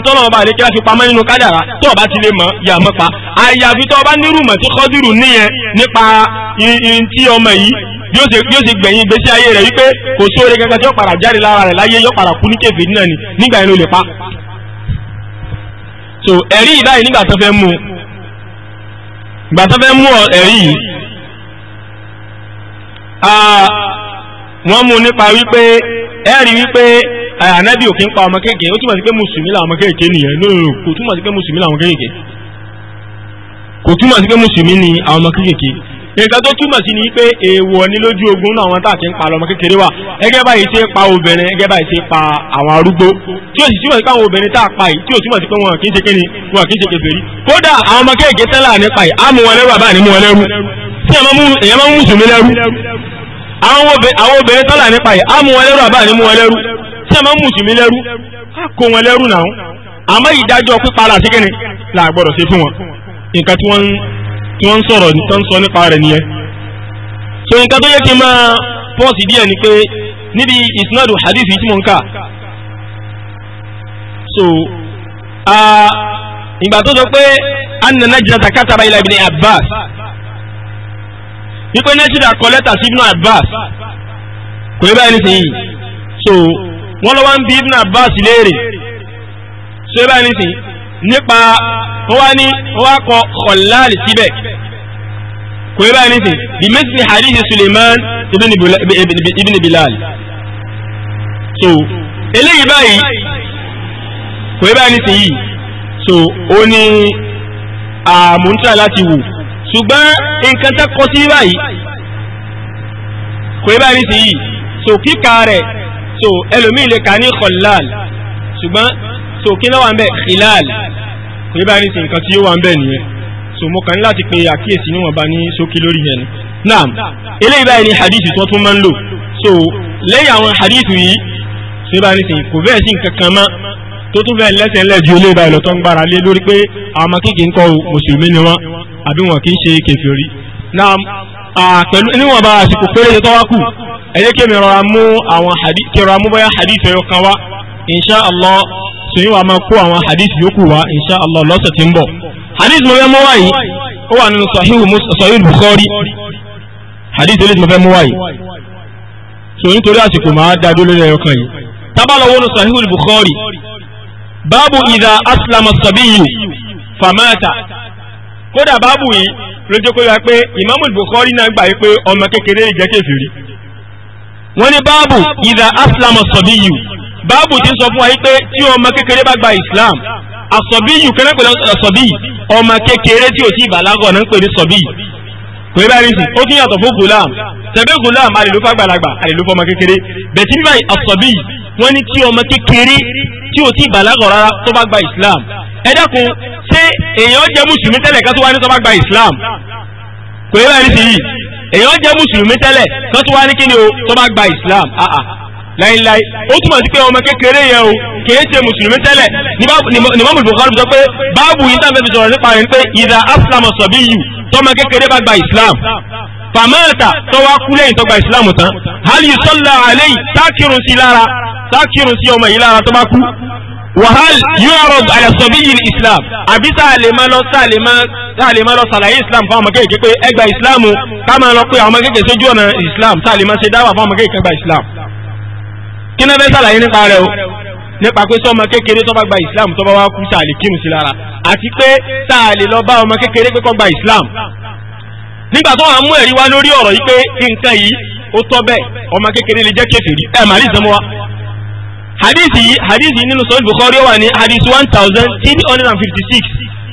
Speaker 2: ntọ́lọ́wọ́ ba àlẹ́ kí wọ́n fi pamọ́ nínú kádàrá tó o bá ti lè mọ yà mọ́ pa àyàfi tó o bá nírú mọ̀ tí kọ́dírù níyẹn nípa ntí ọmọ yìí yóò ṣe yóò ṣe gbẹ̀yìn ìgbésí ayé rẹ̀ wípé kò sóore kankan tí ó padà jáde lára rẹ̀ láyé yóò padà kú ní kèfé náà ni nígbà yẹn lè pa. so ẹ̀rí yìí báyìí nígbà tó fẹ́ mú ìgbà tó fẹ́ mú ẹ̀rí yìí wọ́n mú nípa wípé ẹ̀rí wípé ànábì òfin pa ọmọ kéèké ó túmọ̀ sí pé mùsùlùmí làwọn ọmọ kéèké nìyẹn lóòrò kò túmọ̀ sí pé mùsùlùmí làwọn kéèké kò túmọ̀ sí pé mùsùlùmí ni àwọn ọmọ kéèké nǹkan tó túmọ̀ sí ni pé èèwọ̀ ní lójú ogun náà àwọn tá ti ń pa lọ́mọ kékeré wa ẹgẹ́ báyìí ṣe pa obìnrin ẹgẹ́ báyìí ṣe pa àwọn arúgbó tí ó sì túmọ̀ sí pé àwọn obìnrin tá a pa yìí tí ó túmọ̀ sí pé wọn kì í ṣe kíni wọn kì í ṣe kèfèrí kódà àwọn ọmọ kéèké tẹ́lá nípa yìí á mú wọn lẹ́rú àbá mú wọn lẹ́rú tí èèyàn máa ń mùsùlùmí lẹ́rú àwọn obìnrin tọ́lá nípa yìí á wọn lẹ́rú àbá mú wọn lẹ́rú tí tí wọ́n ń sọ̀rọ̀ tó ń sọ nípa rẹ̀ nìyẹn so nǹkan tó yẹ kí n máa pọ́ọ̀sì díẹ̀ ni pé níbi ìsinádù hadith tí mo ń kà so ìgbà tó sọ pé anna najida kataba ila ibn abbas wípé najida kọ lẹ́tà sí ibn abbas kò lè báyìí nísìnyí so wọ́n lọ wá ń bi ibn abbas léèrè so lè nísìnyí nípa ó wá ní ó wá kọ kọ̀láàlì síbẹ̀ kò yẹ báyìí nísìn bí mẹ́sìn hadithi Suleiman ibn Bilal so eléyìí báyìí kò yẹ báyìí nísìn yìí so ó ní àmúntà láti wù ṣùgbọ́n nǹkan tá kọ sí báyìí kò yẹ báyìí nísìn yìí so kíkà rẹ̀ so ẹlòmíì lè kà ní kọ̀láàlì ṣùgbọ́n so kí ló wà ń bẹ̀ hilal kò yẹ báyìí sí nǹkan tí ó wà ń bẹ̀ nìyẹn so mo kàn ní láti pe àkíyèsí níwọ̀nba ní ṣókí lórí yẹn naam eléyìí báyìí ni hadithi tí wọ́n tún máa ń lò so lẹ́yìn àwọn hadith yìí kò yẹ báyìí sí kò bẹ́ẹ̀ sí nǹkan kan mọ́ tó tún fẹ́ẹ́ lẹ́sẹ̀ ńlẹ̀ ju eléyìí báyìí lọ tó ń gbára lé lórí pé àwọn ọmọ kéèké ń kọ́ mùsùlùmí ni wọ́n àbí wọn kì í ṣe kèfèrí naam pẹ̀lú níwọ̀nba àsìkò péréje tó wá kù ẹ kí mi rọra mú àwọn hadith kí rọra mú bóyá hadith ẹ̀yọ kan wá insha Allah so yín wàá máa kó àwọn hadith yòókù wá insha allah lọ́sẹ̀ tí ń bọ̀ hadith mo fẹ́ mú wáyé ó wà nínú sahihu sahihu bukhari hadith eléyìí mo fẹ́ mú wáyé so nítorí àsìkò máa dá dúró lórí ẹ̀yọkan yìí tábàlọ́wọ́ nínú sahihu bukhari báàbù ìdá aslama sabiyu famata kódà báàbù yìí lójó kó yà pé ìmáàmù bukhari náà gbà yí pé ọmọ kékeré ìjẹ́kẹ̀fìrí wọ́n ní báàbù ìdá aslama sabiyu báàbù ti sọ fún wa pé tí ọmọ kékeré bá gba islam àsọ̀bí yìí kẹ́rẹ́ pẹ̀lú àsọ̀bí ọmọ kékeré tí ò tí ìbàlágọ̀ náà ń pè ní sọ̀bí pé báyìí sì ó tún yàtọ̀ fún gulam tẹ̀bẹ́ gulam àlèlú fàgbàlagbà àlèlú fọmọ kékeré bẹ̀tí bíbá àsọ̀bí wọ́n ní tí ọmọ kékeré tí ò tí ìbàlágọ̀ rárá tó bá gba islam ẹ dákun ṣé èèyàn jẹ́ mùsùlùmí tẹ́lẹ̀ ká tó wá ní tó bá gba islam pé báyìí sì yìí èèyàn jẹ́ mùsùlùmí tẹ́lẹ̀ ká tó wá ní kí ni o tó bá gba islam ah ah láíláí ó túmọ̀ sí pé ọmọ kékeré yẹn o kìí ṣe mùsùlùmí tẹ́lẹ̀ nímọ̀mù Bukhari sọ pé báàbù yìí tàbí ti sọ̀rọ̀ nípa rẹ̀ pé ìdá aslam sọ̀bí yù tọmọ kékeré bá gba Islam fàmáàtà tó wá kú lẹ́yìn tó gba Islam tán hali sọ́lá àlẹ́yìn tákìrùn sí lára tákìrùn sí ọmọ yìí lára tó bá kú wàhálì yóò rọ àyàsọ̀bí yìí Islam àbí sáà lè má lọ sáà lè má táàlì máa lọ sàlàyé islam fún ọmọ kéèké pé ẹgbà islam ká máa kí náà fẹ́ sàlàyé nípa rẹ̀ o nípa pé sọ́mọ kékeré tó bá gba islam tó bá wá kú sàlè kírun sí lára àti pé sàlè lọ bá ọmọ kékeré pé kó gba islam nígbà tó wàá mú ẹ̀rí wá lórí ọ̀rọ̀ yìí pé nǹkan yìí ó tọ́ bẹ́ẹ̀ ọmọ kékeré lè jẹ́ kèfèrí ẹ̀ màálí ìsẹ́mọ́ wa hadithi yìí hadithi nínú sọ́yìn bukhari wà ní hadith one thousand three hundred and fifty six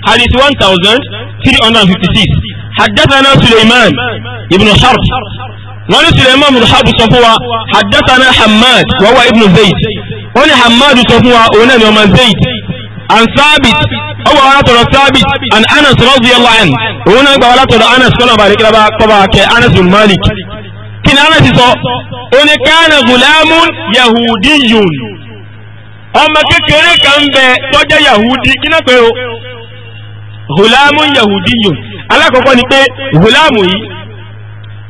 Speaker 2: hadith one thousand three hundred and fifty six haddathana suleiman ibn harb wọ́n ní suleiman mulhabu sọ fún wa hadathana hamad wa huwa ibnu zayd wọ́n ní hamadu sọ fún wa òun náà ni ọmọ zayd an sabit ọwọ́ wa látọ̀rọ̀ sabit an anas radiyallahu anhu òun náà gbà wa látọ̀rọ̀ anas kọ́nà bàrí kílábà kọ́ba kẹ anas bin malik kí ni anas sọ ó kánà gulamun yahudiyun ọmọ kékeré kan bẹ tó yahudi kí náà pé o gulamun yahudiyun alákọ̀ọ́kọ́ ni pé gulamu yìí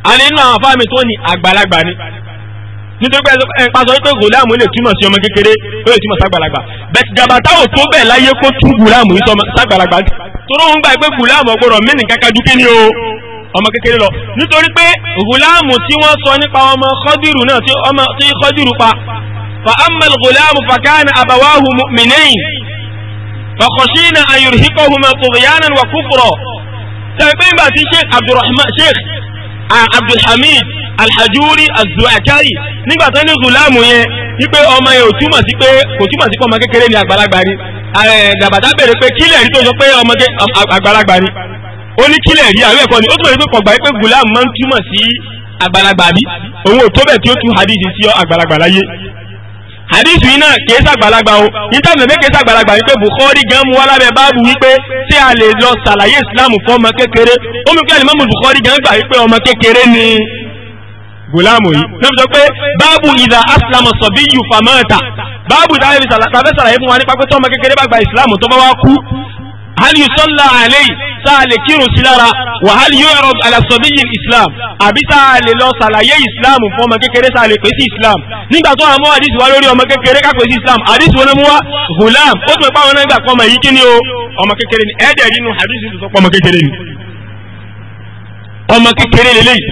Speaker 2: a ní nínú àwọn afáàmì tó ní àgbàlagbà ni nítorí pé ẹnpa sọ pé gùlámù lè túmọ̀ sí ọmọ kékeré ó lè túmọ̀ sàgbàlagbà bẹ́ẹ̀ jàbátá ò tó bẹ́ẹ̀ láyé kó tún gùlámù yìí sàgbàlagbà tóró ń gbà pé gùlámù ọgbọ́dọ̀ mí nìkan kájú kí ni o ọmọ kékeré lọ nítorí pé gùlámù tí wọ́n sọ nípa ọmọ Khadiru náà tí ọmọ tí Khadiru pa fa amal gùlámù fakana abawahu mu'minain fakọ̀ṣínà ayùrìhíkọ̀hùmọ̀ abdulhamid alhajuri azuakari nígbà tó ní gùlámù yẹn wípé ọmọ yẹn ò túmọ̀ sí pé kò túmọ̀ sí pé ọmọ kékeré ni àgbàlagbà ni dàbàtà béèrè pé kílẹ̀ rí tó sọ pé ọmọ àgbàlagbà ni ó ní kílẹ̀ rí àwọn ẹ̀kọ́ ni ó túmọ̀ sí pé kọ̀gbà pé gùlámù máa ń túmọ̀ sí àgbàlagbà bí òun ò tó bẹ̀ tí ó tú hadith sí àgbàlagbà láyé àdìsí iná kìí sàgbàlagbà o níta bèbè kìí sàgbàlagbà wípé Bukhari gan mu wá lábẹ́ báàbù wípé tí a lè lọ sàlàyé ìsìláàmù fún ọmọ kékeré ó mú kí alimami Bukhari gan gbà wípé ọmọ kékeré ni gùlámù yìí ló fi sọ pé báàbù ìdá asilamu sọ̀bí yù fàmọ́ọ̀tà báàbù ìdá ayélujára tàbí sàlàyé fún wa nípa pé tọ́mọ kékeré bá gba ìsìláàmù tó bá wá kú hali yusalla alayhi sáà lè kírun sí lára wà hali yu'rad ala sabiyyi islam àbí sáà lè lọ sàlàyé islam fún ọmọ kékeré sáà lè pè sí islam nígbà tó àwọn àdìsí wa lórí ọmọ kékeré ká pè sí islam àdìsí wọn mú wa gulam ó tún pa àwọn náà gbà pé ọmọ yìí kí ni o ọmọ kékeré ni ẹ̀ẹ́dẹ̀ nínú àdìsí tó sọ pé ọmọ kékeré ni ọmọ kékeré lélẹ́yìí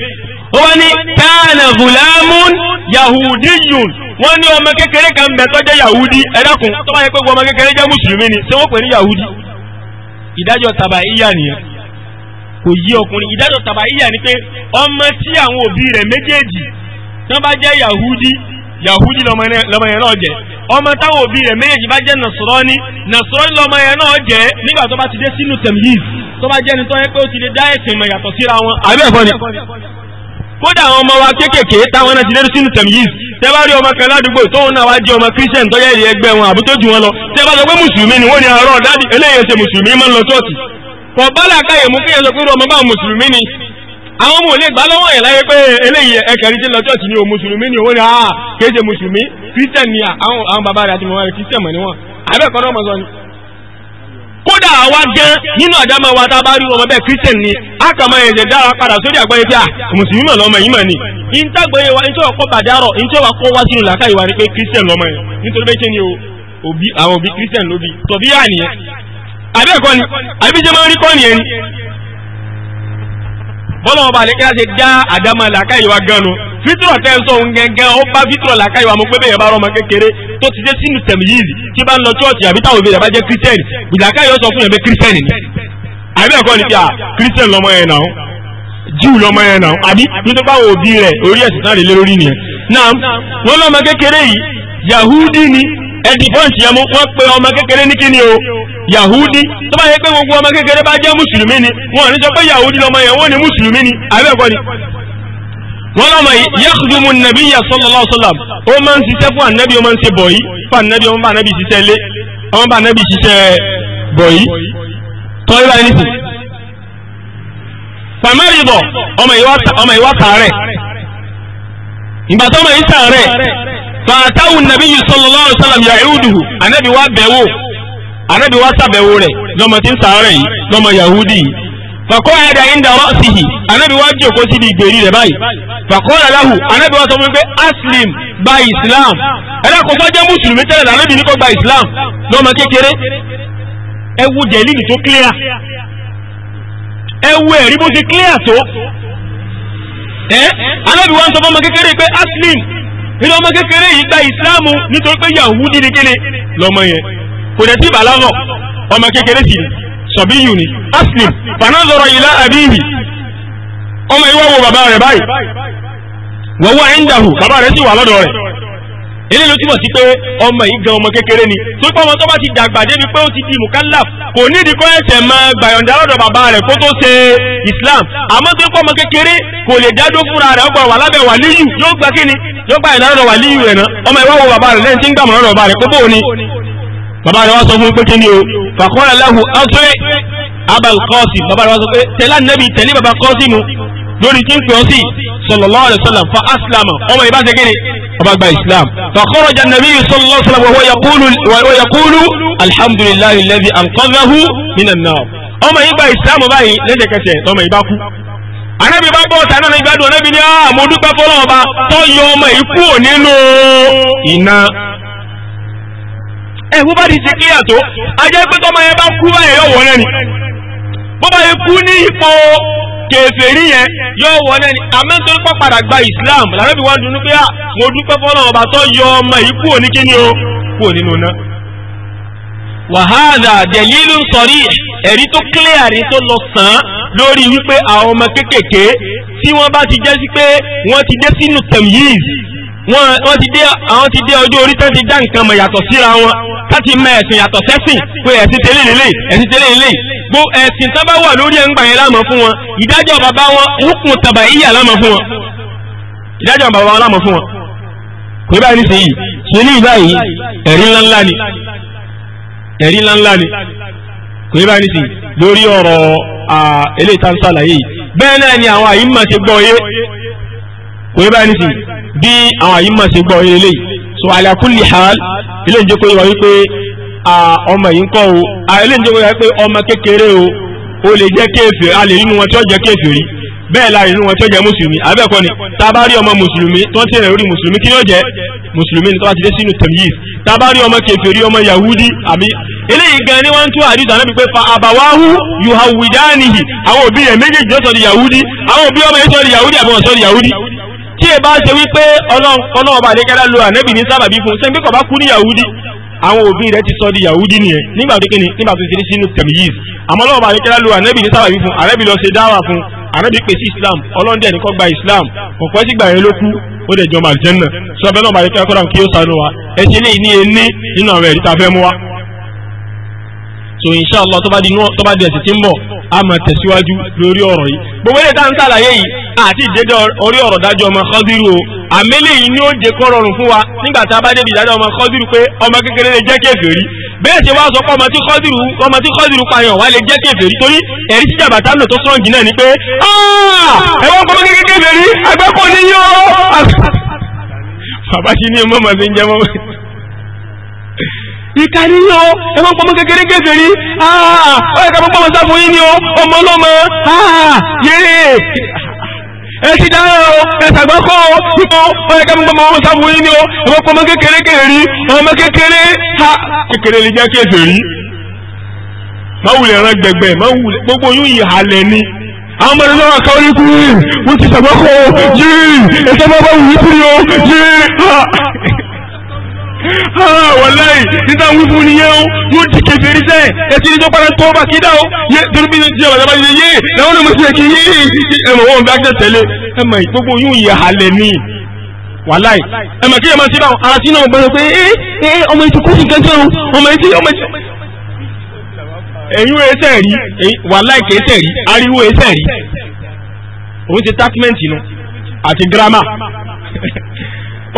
Speaker 2: ó wá ní káàna gùlámùn yahudiyun wọ́n ní ọmọ kékeré kan bẹ̀ tó jẹ́ yahudi ẹ̀dàkùn tó bá yẹ pé ọmọ kékeré jẹ́ mùsùlùmí ni tí wọ́n pè ní yahudi ìdájọ́ tàbá ìyá nìyẹn kò yí ọkùnrin ìdájọ́ tàbá ìyá ni pé ọmọ tí àwọn òbí rẹ̀ méjèèjì tán bá jẹ́ yahudi yahudi lọmọ yẹn náà jẹ ọmọ táwọn òbí rẹ̀ méjèèjì bá jẹ́ nasrani nasrani lọmọ yẹn náà jẹ́ nígbà tó bá ti dé sínú tó bá jẹ́ ni tó yẹ kódà àwọn ọmọ wa kéékèèké táwọn náà ti lérú sínú tẹ̀míyìí tẹ́ bá rí ọmọ kan ládùúgbò tóun náà wá jẹ́ ọmọ christian tọ́jà ìrì ẹgbẹ wọn àbí tó jù wọn lọ tẹ́ bá sọ pé mùsùlùmí ni wọ́n ní àárọ̀ dáàdì eléyìí mùsùlùmí máa ń lọ mú kéèyàn sọ pé ọmọ bá mùsùlùmí ni àwọn ọmọ gbálọ́wọ́ yẹn láyé pé eléyìí ẹkẹrin lọ ni ò mùsùlùmí ni kódà àwa gan nínú àdámọ́ wa tá a rí ọmọ bẹ́ẹ̀ christian ni a kà máa ẹ̀jẹ̀ dára padà sórí àgbáyé pé à mùsùlùmí mọ̀ lọ́mọ yìí mọ̀ ni ìntàgbọ́yé wa ìtọ́ ọkọ̀ bàdárọ̀ ìtọ́ wa kọ́ wá sínú làákà ìwà ni pé christian lọ́mọ yìí nítorí bẹ́ẹ̀ ni òbí àwọn òbí christian ló bí tọ̀bí yà nìyẹn àbẹ́ẹ̀kọ́ ni àbí jẹ́ máa ń rí kọ́ nìyẹn bọ́lọ́wọ́ bá lẹ́kẹ́ ṣe dá àdámọ́ làákàyè wa gan nu fitrọ̀ tẹ́ ń sọ òun gẹ́gẹ́ ó bá fitrọ̀ làákàyè wa mo pé bẹ́yẹn bá rọmọ kékeré tó ti dé sínú tẹ̀míyìí tí bá ń lọ chọ́ọ̀tì àbí táwọn òbí rẹ̀ bá jẹ́ kírísítẹ́nì làákàyè ó sọ fún yẹn pé kírísítẹ́nì ni àbí ẹ̀kọ́ ni pé à kírísítẹ́nì lọmọ yẹn náà jíù lọmọ yẹn náà àbí nítorí báwo òbí rẹ̀ orí ẹ̀sìn náà lè ẹ̀dì fọ́ǹtì yẹn mú wọ́n pe ọmọ kékeré ní kíni o yahudi tó bá yẹ pé gbogbo ọmọ kékeré bá jẹ́ mùsùlùmí ni wọn ní sọ pé yahudi lọmọ yẹn wọ́n ní mùsùlùmí ni àbẹ́ ẹ̀kọ́ ni. wọ́n lọ́mọ yìí yakhdumu nabiyya sallallahu alaihi wasallam ó máa ń ṣiṣẹ́ fún ànábì ó máa ń ṣe bọ̀ yìí fún ànábì ọmọ bá ànábì ṣiṣẹ́ lé ọmọ bá ànábì ṣiṣẹ́ bọ̀ yìí tọ́ ibà ní sìn. fàtàwù nàbíyù sallallahu alaihi wasallam yahuduhu bẹ̀wò anabi wa rẹ̀ lọ́mọ tí ń sàárẹ̀ yìí lọ́mọ yahudi yìí fàkọ́ ẹ̀dà ìndà rọ́ọ̀sìhì anábi wá sí di ìgbèrí rẹ̀ báyìí fàkọ́ sọ gba islam ẹ̀dà kò sọ́jẹ́ mùsùlùmí tẹ́lẹ̀ lànàbì ní kò gba islam lọ́mọ kékeré tó clear ẹ̀rí bó clear tó sọ kékeré pé nínú ọmọ kékeré yìí gba ìsìláàmù nítorí pé Yahudi ni kíni lọmọ yẹn kò dẹ̀ tí ìbàlágọ̀ ọmọ kékeré sì ni sọ̀bíyù ni aslim fanazọrọ ìlà àbíyì ọmọ ìwọ́wọ́ bàbá rẹ̀ báyìí wọ́wọ́ ẹ̀ ń dàhù bàbá rẹ̀ sì wà lọ́dọ̀ rẹ̀ eléyìí ló túmọ̀ sí pé ọmọ yìí gan ọmọ kékeré ni tó pọ́ ọmọ tó bá ti dàgbà débi pé ó ti di mukallaf kò nídìí kó ẹsẹ̀ máa gbàyọ̀ǹda lọ́dọ̀ bàbá rẹ̀ kó tó ṣe islam àmọ́ tó pọ́ ọmọ kékeré kò lè dádó fúnra rẹ̀ ọgbà wà lábẹ́ wàlíyù yóò gba kí ni yóò gba ìlànà lọ́dọ̀ wàlíyù rẹ̀ náà ọmọ ìwà wo bàbá rẹ̀ lẹ́yìn tí ń gbàmọ̀ lọ́dọ̀ bàbá rẹ̀ pé bóun ni bàbá rẹ̀ wá sọ fún pé kí ni o fàkọ́rẹ́ lẹ́hùn ọ́sẹ́ abal kọ́ọ̀sì bàbá rẹ̀ wá sọ pé tẹ̀lá nẹ́bi tẹ̀lé bàbá kọ́ọ̀sì mu lórí tí ń pè ọ́ sí sallallahu alaihi wasallam fa aslama ọmọ ìbá ṣe kéde ọba gba islam fa kharaja an-nabiyyu sallallahu alaihi wasallam wa yaqulu alhamdulillahi alladhi anqadhahu minan nar ọmọ ìbá islam báyìí lẹ́sẹ̀kẹsẹ̀ ọmọ ìbá kú anabi bá bọ́ ọ̀tà náà ìgbádùn anabi ní àmọ́ ah, dúpẹ́ fọlọ́ọ̀ba tó yọ ọmọ ìkú nínú iná ẹ wọ́n bá ti ṣe kíyà tó ajẹ́ pé tọ́mọ yẹn bá kú báyìí yọ̀ kèfèrí yẹn yóò wọlé ni àmọ́ nítorí pọ́ padà gba Islam làwọn ìwà dunu pé ah, mo dúpẹ́ fọ́nà ọba tó yọ ọmọ yìí kúrò ní kíni o kúrò nínú náà. wàhálà dẹ̀lílù sọ̀rí ẹ̀rí tó clear ni tó lọ sàn án lórí wípé àwọn ọmọ kéékèèké tí wọ́n bá ti jẹ́ sí pé wọ́n ti dé sínú tẹ̀míyìí wọ́n ti dé àwọn ti dé ọjọ́ orí tán ti dá nǹkan mọ̀ yàtọ̀ síra wọn káti mọ ẹ̀sìn yàtọ̀ sẹ́sìn pé ẹ̀sìn tẹ́lẹ̀ lélẹ̀ ẹ̀sìn tẹ́lẹ̀ lélẹ̀ gbó ẹ̀sìn tán bá wà lórí ẹ̀ǹgbà yẹn lámọ̀ fún wọn ìdájọ́ bàbá wọn hukun tàbà ìyà lámọ̀ fún wọn ìdájọ́ bàbá wọn lámọ̀ fún wọn. pé báyìí níṣẹ́ yìí ṣe ní ìbáyìí ẹ̀rí ńláńlá ni ẹ̀rí ńláńlá ni pé báyìí níṣẹ́ lórí ọ̀rọ̀ eléyìí tá ń sàlàyé yìí bẹ́ẹ̀ náà ni àwọn àyíǹmà ti gbọ́ yé pé báyìí níṣẹ́ bí àwọn àyíma ṣe gbọ́ ilé so ala kulli hal ilé ìjókòó yìí wá wípé ọmọ yìí ń kọ́ o ilé ìjókòó yìí wá wípé ọmọ kékeré o ó lè jẹ́ kéfì a lè nínú wọn tí ó jẹ́ kéfìrí bẹ́ẹ̀ la nínú wọn tí ó jẹ́ mùsùlùmí abẹ́ẹ̀kọ́ ni tá a bá rí ọmọ mùsùlùmí tó ń tẹ̀lé orí mùsùlùmí kí ni ó jẹ́ mùsùlùmí ni tó bá ti dé sínú tamyiz tá a bá rí ọmọ kéfìrí ọmọ yahudi àbí eléyìí gan ni wọ́n ń tú àdìsọ ànábi pé fa àbáwáhu yuhawidanihi àwọn òbí rẹ̀ méjèèjì ló sọ di yahudi àwọn òbí ọmọ yẹn sọ di yahudi àbí wọn sọ di yahudi tí ẹ bá ṣe wípé ọlọ́run ọba àdékẹ́lá lo ànẹ́bì ní sábàbí fún sẹ́ńgbé kọ̀ bá kú ní yahudi àwọn òbí rẹ̀ ti sọ di yahudi nìyẹn nígbà tó kéne nígbà tó ti rí sínú tẹ̀míyìí àmọ́ ọlọ́run ọba àdékẹ́lá lo ànẹ́bì ní sábàbí fún ànẹ́bì lọ ṣe dáwà fún ànẹ́bì pè islam ọlọ́run dẹ̀ nìkan gba islam ọ̀pọ̀ ẹ̀sìn gbà yẹn ló kú ó dẹ̀ jọ màlìjẹ́nà sọ so inshallah tó bá di ẹ̀sìn tí ń bọ̀ a máa tẹ̀síwájú lórí ọ̀rọ̀ yìí gbogbo èdè tá à ń sàlàyé yìí àti ìdédé orí ọ̀rọ̀ dájọ́ ọmọ kọ́dírù o àmẹ́lẹ̀ yìí ni ó jẹ́ kó rọrùn fún wa nígbà tá a bá débi ìdájọ́ ọmọ kọ́dírù pé ọmọ kékeré lè jẹ́ kèfèrí bẹ́ẹ̀ ṣe wá sọ pé ọmọ tí kọ́dírù ọmọ tí kọ́dírù pààyàn wá lè jẹ́ kèfèrí torí ẹ̀rí tí jàbàtà lò tó sọ̀rọ̀ jìnnà ni pé ah! ẹ̀wọ́n kọ́mọ kékeré kèfèrí àgbẹ̀kọ́ ni yóò. bàbá ṣì ní mọ́mọ́ fi ń jẹ́ mọ́mọ́ ìkàrí yín o ẹgbẹ́ pọmọ kékeré kékeré àà ah, ó yẹ ká pọmọ pọmọ sáfún yín ni o ọmọ ọlọ́mọ àà ah, yéé ẹ ti dára o ẹ sàgbọ́kọ́ o nípa ó yẹ ká pọmọ pọmọ sáfún yín ni o ẹgbẹ́ pọmọ kékeré kékeré ọmọ kékeré ha kékeré lè jẹ́ kékeré máwùlẹ̀ ẹran gbẹgbẹ máwùlẹ̀ gbogbo yóò yí halẹ̀ ni àwọn ọmọdé náà kọ́ ní kúrì wọ́n ti sàgbọ́kọ́ yéé ẹ sábà bá wù Ah, wàláì nígbà wí fún nìyẹn o yóò di kẹfẹ rí sẹ ẹtí ní tó padà tó bá kí dá o yé torí bí ti ọ̀dà bá ti yé làwọn ọmọ sílẹ̀ kì í yé ẹ mọ̀ wọn bá tẹ̀ tẹ̀lé ẹ mọ̀ ìgbógbó yóò yẹ halẹ̀ ni wàláì ẹ mọ̀ kí ẹ máa ti bá wọn ara náà gbọ́dọ̀ pé ẹ eh, eh, ọmọ ìtukú sì kẹ́kẹ́ o ọmọ ìtí ọmọ ìtí ẹ̀yún ẹsẹ̀ rí wàláì kẹsẹ̀ rí ariwo ẹsẹ̀ rí òun ti tátímẹ̀ǹtì nu àti gírámà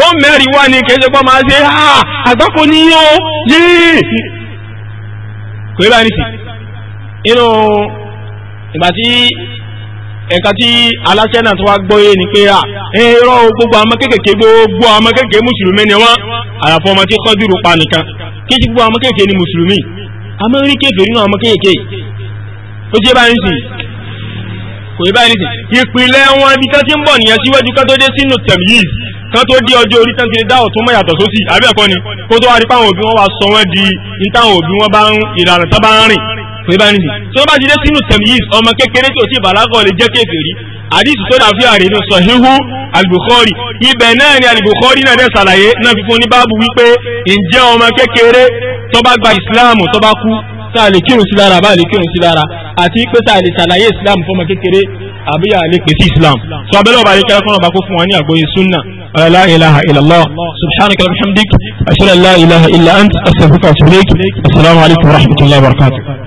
Speaker 2: ó mẹ́rin wá ní kẹsẹ̀ pọ́ máa ṣe ha àgbákò ní yíó yìí kò rí bá ní sí inú ìgbà tí ẹ̀ka tí aláṣẹ náà tó wá gbọ́yé ni pé à ẹ̀rọ gbogbo ọmọ kéékèèké gbogbo ọmọ kéékèèké mùsùlùmí ni wọ́n àyàfọ́ ọmọ tí kọ́dùrù pa nìkan kí gbogbo ọmọ kéékèèké ni mùsùlùmí a máa ń rí kéèké nínú ọmọ kéékèèké ó jẹ́ báyìí sí kò yẹ báyìí nìsín ìpìlẹ̀ wọn ibi kan ti ń bọ̀ nìyẹn síwájú kan tó dé sínú tẹ̀míyìí kan tó dé ọjọ́ orí tán ti dá ọ̀tún mọ́ yàtọ̀ sósì àbẹ́ẹ̀kọ́ ni kó tó wá rí páwọn òbí wọn wá sọ wọn di ìtàwọn òbí wọn bá ń ìlànà tó bá ń rìn kò yẹ báyìí nìsín tó bá ti dé sínú tẹ̀míyìí ọmọ kékeré tí ò tí bàlágọ̀ lè jẹ́ kéferì àdìsí tó dàbí àrè ní sọ̀híhú albukhari ibẹ̀ náà ni albukhari náà dẹ̀ ṣàlàyé náà fífún ní báàbù wípé ǹjẹ́ ọmọ kékeré tó bá gba ìsìláàmù tó bá kú tá a lè kírun sí lára àbá lè kírun sí lára àti pé tá a lè ṣàlàyé islam fọmọ kékeré àbí a lè pèsè islam sọ abẹ́lẹ́ ọba àríkẹ́lẹ́ fún ọba kó fún wa ní àgbóyè sunna la ilaha illallah subhanaka wa bihamdik ashhadu an la ilaha illa ant astaghfiruka wa atubu wa rahmatullahi wa barakatuh.